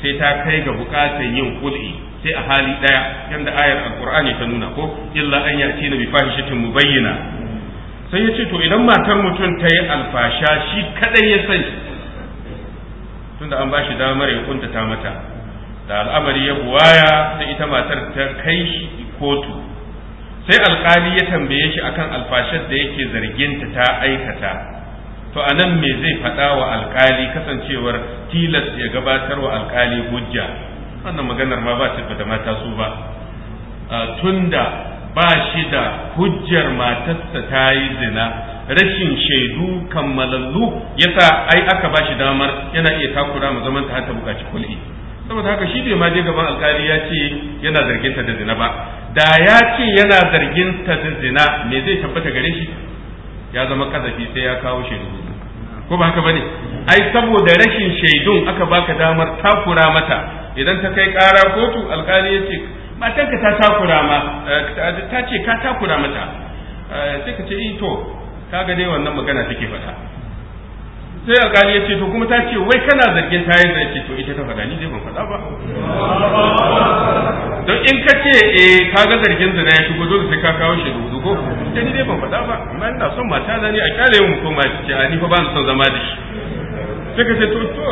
sai ta kai ga bukatar yin kul'i sai a hali daya yanda ayar alqur'ani ta nuna ko illa an yati bi fahishatin mubayyana sai ya ce to idan matar mutum ta yi alfasha shi kadai ya sai tunda an bashi damar ya kuntata mata da al'amari ya buwaya sai ita matar ta kai shi kotu sai alkali ya tambaye shi akan alfashar da yake zarginta ta aikata to a nan me zai faɗa wa alkali kasancewar tilas ya gabatar wa alkali hujja wannan maganar ma ba ta da mata su ba tunda ba shi da hujjar matarsa ta yi zina rashin shaidu kammalallu yasa ai aka ba shi damar yana iya takura mu zaman ta ta bukaci kulli saboda haka shi bai ma je gaban alkali ya ce yana zargin ta da zina ba da ya ce yana zargin ta da zina me zai tabbata gare shi ya zama kazafi sai ya kawo shaidu ko ba haka bane ai saboda rashin shaidun aka baka damar takura mata idan ta kai kara kotu alkali ya ce matanka ta takura ma eh, ta ce ka takura mata eh, sai ka ce eh, to kaga dai wannan magana take faɗa sai Alƙali ya ce to kuma ta ce wai kana zargin ta yi zai ce to ita ta faɗa ni zai ban faɗa ba don in ka ce eh ka ga zargin zina ya shigo dole sai ka kawo shi dubu ko ita ni zai ban faɗa ba amma ina son mata na ne a kyale mu ma ce a ni fa ba son zama da shi sai ka ce to to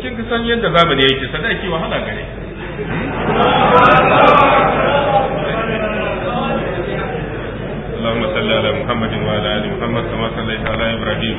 kin ka san yadda ne yake ki wahala gare اللهم صل على محمد وعلى ال محمد كما صليت على ابراهيم